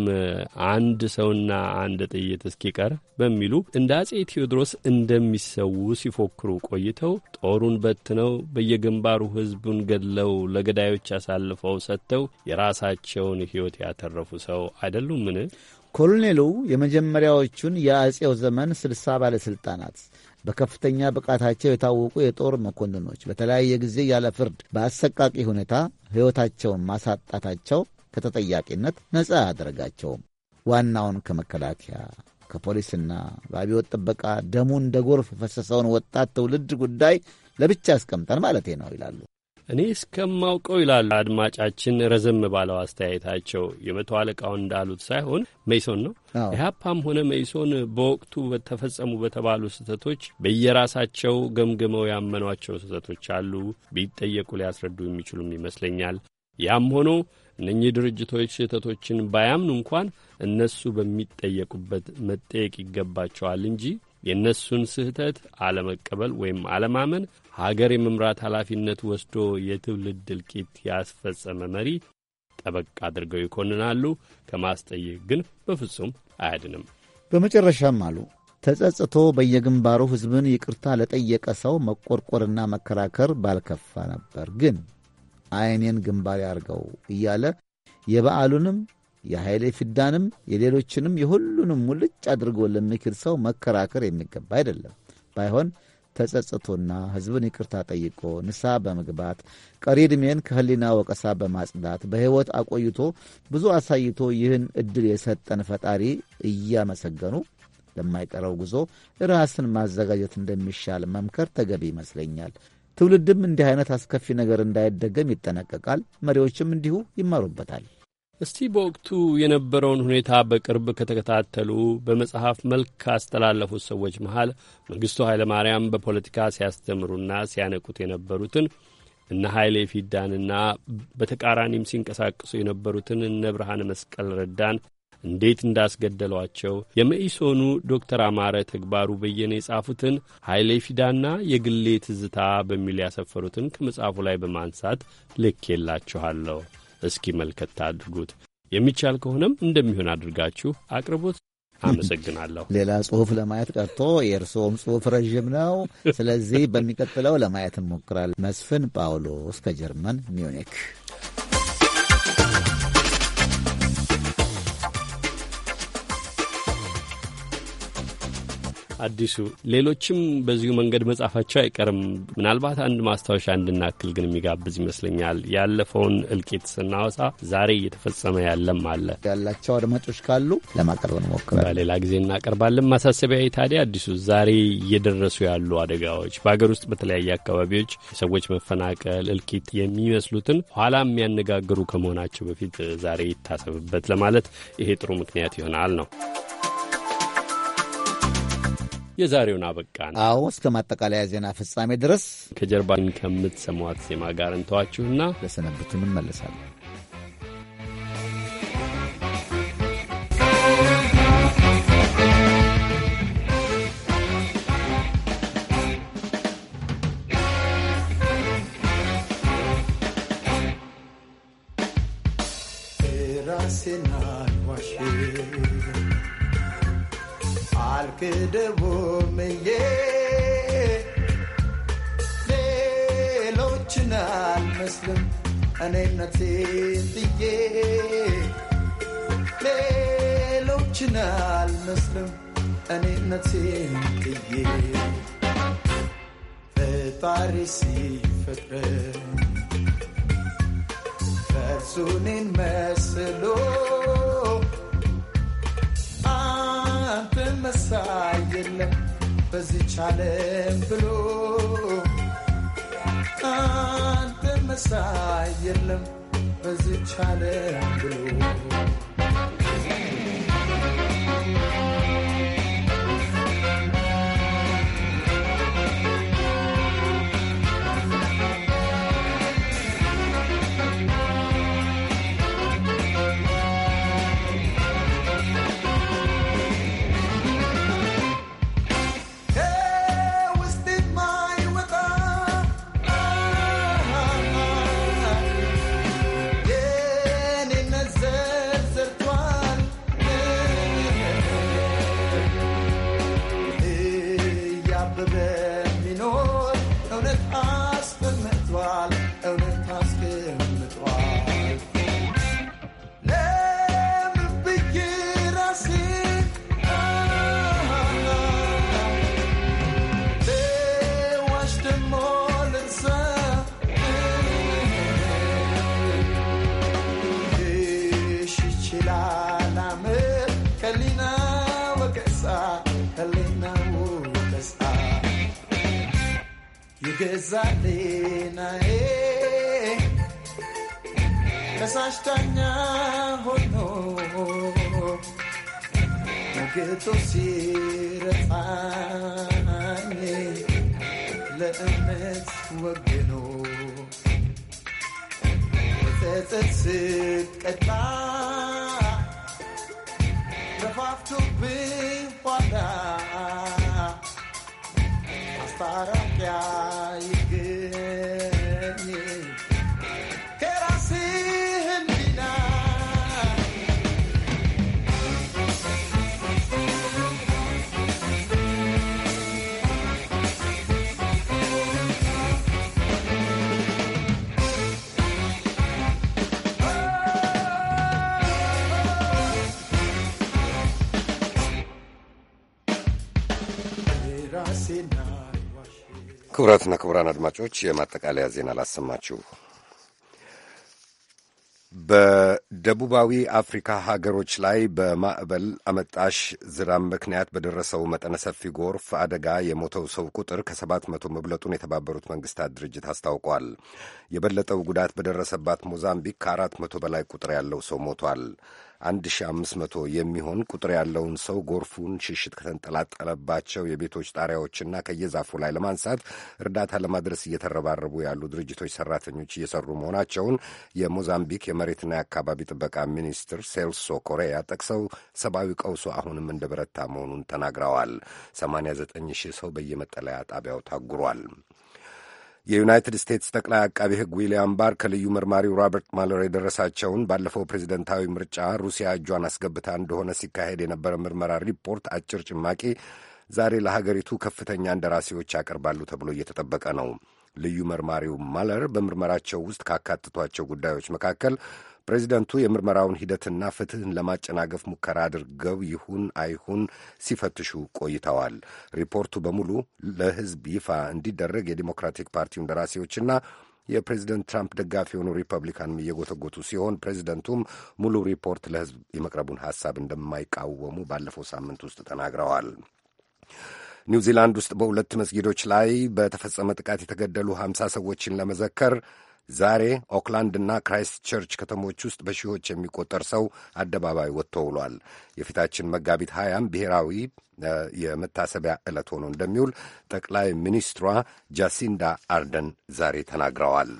አንድ ሰውና አንድ ጥይት እስኪቀር በሚሉ እንደ አጼ ቴዎድሮስ እንደሚሰዉ ሲፎክሩ ቆይተው ጦሩን በትነው በየግንባሩ ሕዝቡን ገድለው ለገዳዮች አሳልፈው ሰጥተው የራሳቸውን ሕይወት ያተረፉ ሰው አይደሉምን? ኮሎኔሉ የመጀመሪያዎቹን የአጼው ዘመን ስልሳ ባለሥልጣናት በከፍተኛ ብቃታቸው የታወቁ የጦር መኮንኖች በተለያየ ጊዜ ያለ ፍርድ በአሰቃቂ ሁኔታ ሕይወታቸውን ማሳጣታቸው ከተጠያቂነት ነጻ አያደረጋቸውም። ዋናውን ከመከላከያ ከፖሊስና በአብዮት ጥበቃ ደሙ እንደ ጎርፍ የፈሰሰውን ወጣት ትውልድ ጉዳይ ለብቻ አስቀምጠን ማለቴ ነው ይላሉ። እኔ እስከማውቀው ይላሉ አድማጫችን ረዘም ባለው አስተያየታቸው የመቶ አለቃውን እንዳሉት ሳይሆን መይሶን ነው ኢህአፓም ሆነ መይሶን በወቅቱ በተፈጸሙ በተባሉ ስህተቶች በየራሳቸው ገምግመው ያመኗቸው ስህተቶች አሉ ቢጠየቁ ሊያስረዱ የሚችሉም ይመስለኛል። ያም ሆኖ እነኚህ ድርጅቶች ስህተቶችን ባያምኑ እንኳን እነሱ በሚጠየቁበት መጠየቅ ይገባቸዋል እንጂ የእነሱን ስህተት አለመቀበል ወይም አለማመን ሀገር የመምራት ኃላፊነት ወስዶ የትውልድ እልቂት ያስፈጸመ መሪ ጠበቅ አድርገው ይኮንናሉ። ከማስጠየቅ ግን በፍጹም አያድንም። በመጨረሻም አሉ ተጸጽቶ በየግንባሩ ሕዝብን ይቅርታ ለጠየቀ ሰው መቆርቆርና መከራከር ባልከፋ ነበር ግን አይኔን ግንባር ያርገው እያለ የበዓሉንም የኃይሌ ፊዳንም የሌሎችንም የሁሉንም ሙልጭ አድርጎ ለሚክድ ሰው መከራከር የሚገባ አይደለም። ባይሆን ተጸጽቶና ሕዝብን ይቅርታ ጠይቆ ንስሐ በመግባት ቀሪ ዕድሜን ወቀሳ በማጽዳት በሕይወት አቆይቶ ብዙ አሳይቶ ይህን ዕድል የሰጠን ፈጣሪ እያመሰገኑ ለማይቀረው ጉዞ ራስን ማዘጋጀት እንደሚሻል መምከር ተገቢ ይመስለኛል። ትውልድም እንዲህ አይነት አስከፊ ነገር እንዳይደገም ይጠነቀቃል። መሪዎችም እንዲሁ ይማሩበታል። እስቲ በወቅቱ የነበረውን ሁኔታ በቅርብ ከተከታተሉ በመጽሐፍ መልክ ካስተላለፉት ሰዎች መሃል መንግሥቱ ኃይለ ማርያም በፖለቲካ ሲያስተምሩና ሲያነቁት የነበሩትን እነ ኃይሌ ፊዳንና በተቃራኒም ሲንቀሳቀሱ የነበሩትን እነ ብርሃነ መስቀል ረዳን እንዴት እንዳስገደሏቸው የመኢሶኑ ዶክተር አማረ ተግባሩ በየነ የጻፉትን ኃይሌ ፊዳና የግሌ ትዝታ በሚል ያሰፈሩትን ከመጽሐፉ ላይ በማንሳት ልኬላችኋለሁ። እስኪ መልከት አድርጉት። የሚቻል ከሆነም እንደሚሆን አድርጋችሁ አቅርቦት። አመሰግናለሁ። ሌላ ጽሁፍ ለማየት ቀርቶ የእርስዎም ጽሁፍ ረዥም ነው። ስለዚህ በሚቀጥለው ለማየት እንሞክራለን። መስፍን ጳውሎስ ከጀርመን ሚዩኒክ አዲሱ ሌሎችም በዚሁ መንገድ መጻፋቸው አይቀርም። ምናልባት አንድ ማስታወሻ እንድናክል ግን የሚጋብዝ ይመስለኛል። ያለፈውን እልቂት ስናወሳ ዛሬ እየተፈጸመ ያለም አለ ያላቸው አድማጮች ካሉ ለማቀርብ እንሞክራለን። በሌላ ጊዜ እናቀርባለን። ማሳሰቢያ ታዲያ አዲሱ ዛሬ እየደረሱ ያሉ አደጋዎች በሀገር ውስጥ በተለያየ አካባቢዎች ሰዎች መፈናቀል፣ እልቂት የሚመስሉትን ኋላ የሚያነጋግሩ ከመሆናቸው በፊት ዛሬ ይታሰብበት ለማለት ይሄ ጥሩ ምክንያት ይሆናል ነው። የዛሬውን አበቃን። አዎ እስከ ማጠቃለያ ዜና ፍጻሜ ድረስ ከጀርባን ከምትሰሟት ዜማ ጋር እንተዋችሁና ለሰነብት እንመለሳለን። I'll እኔነቴን ብዬ ሌሎችን አልመስልም እኔነቴን ብዬ ፈጣሪ ሲፈጥረ Nigezale nae Mesashtanya hono Mugeto siretane ለእምነት ወግኖ በጸጸት ስቀጣ ረፋፍቶብኝ ኋላ para que hay. ክቡራትና ክቡራን አድማጮች የማጠቃለያ ዜና ላሰማችሁ። በደቡባዊ አፍሪካ ሀገሮች ላይ በማዕበል አመጣሽ ዝናብ ምክንያት በደረሰው መጠነ ሰፊ ጎርፍ አደጋ የሞተው ሰው ቁጥር ከሰባት መቶ መብለጡን የተባበሩት መንግስታት ድርጅት አስታውቋል። የበለጠው ጉዳት በደረሰባት ሞዛምቢክ ከአራት መቶ በላይ ቁጥር ያለው ሰው ሞቷል። 1500 የሚሆን ቁጥር ያለውን ሰው ጎርፉን ሽሽት ከተንጠላጠለባቸው የቤቶች ጣሪያዎችና ከየዛፉ ላይ ለማንሳት እርዳታ ለማድረስ እየተረባረቡ ያሉ ድርጅቶች ሰራተኞች እየሰሩ መሆናቸውን የሞዛምቢክ የመሬትና የአካባቢ ጥበቃ ሚኒስትር ሴልሶ ኮሬያ ጠቅሰው ሰብአዊ ቀውሱ አሁንም እንደበረታ መሆኑን ተናግረዋል። 89 ሺህ ሰው በየመጠለያ ጣቢያው ታጉሯል። የዩናይትድ ስቴትስ ጠቅላይ አቃቢ ሕግ ዊልያም ባር ከልዩ መርማሪው ሮበርት ማለር የደረሳቸውን ባለፈው ፕሬዚደንታዊ ምርጫ ሩሲያ እጇን አስገብታ እንደሆነ ሲካሄድ የነበረ ምርመራ ሪፖርት አጭር ጭማቂ ዛሬ ለሀገሪቱ ከፍተኛ እንደራሴዎች ያቀርባሉ ተብሎ እየተጠበቀ ነው። ልዩ መርማሪው ማለር በምርመራቸው ውስጥ ካካትቷቸው ጉዳዮች መካከል ፕሬዚደንቱ የምርመራውን ሂደትና ፍትህን ለማጨናገፍ ሙከራ አድርገው ይሁን አይሁን ሲፈትሹ ቆይተዋል። ሪፖርቱ በሙሉ ለህዝብ ይፋ እንዲደረግ የዲሞክራቲክ ፓርቲውን ደራሲዎችና የፕሬዚደንት ትራምፕ ደጋፊ የሆኑ ሪፐብሊካንም እየጎተጎቱ ሲሆን ፕሬዚደንቱም ሙሉ ሪፖርት ለህዝብ የመቅረቡን ሐሳብ እንደማይቃወሙ ባለፈው ሳምንት ውስጥ ተናግረዋል። ኒውዚላንድ ውስጥ በሁለት መስጊዶች ላይ በተፈጸመ ጥቃት የተገደሉ ሀምሳ ሰዎችን ለመዘከር ዛሬ ኦክላንድና ክራይስት ቸርች ከተሞች ውስጥ በሺዎች የሚቆጠር ሰው አደባባይ ወጥቶ ውሏል። የፊታችን መጋቢት ሀያም ብሔራዊ የመታሰቢያ ዕለት ሆኖ እንደሚውል ጠቅላይ ሚኒስትሯ ጃሲንዳ አርደን ዛሬ ተናግረዋል።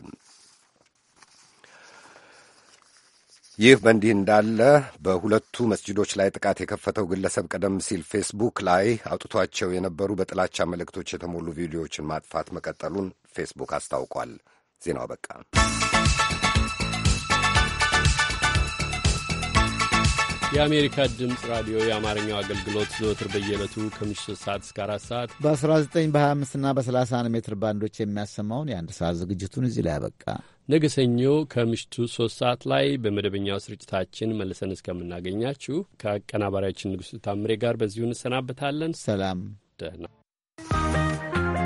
ይህ በእንዲህ እንዳለ በሁለቱ መስጂዶች ላይ ጥቃት የከፈተው ግለሰብ ቀደም ሲል ፌስቡክ ላይ አውጥቷቸው የነበሩ በጥላቻ መልእክቶች የተሞሉ ቪዲዮዎችን ማጥፋት መቀጠሉን ፌስቡክ አስታውቋል። ዜናው አበቃ። የአሜሪካ ድምፅ ራዲዮ የአማርኛው አገልግሎት ዘወትር በየዕለቱ ከምሽቱ ሰዓት እስከ አራት ሰዓት በ19 በ25 እና በ31 ሜትር ባንዶች የሚያሰማውን የአንድ ሰዓት ዝግጅቱን እዚህ ላይ አበቃ። ነገ ሰኞ ከምሽቱ ሶስት ሰዓት ላይ በመደበኛው ስርጭታችን መልሰን እስከምናገኛችሁ ከአቀናባሪያችን ንጉሥ ታምሬ ጋር በዚሁ እንሰናበታለን። ሰላም ደህና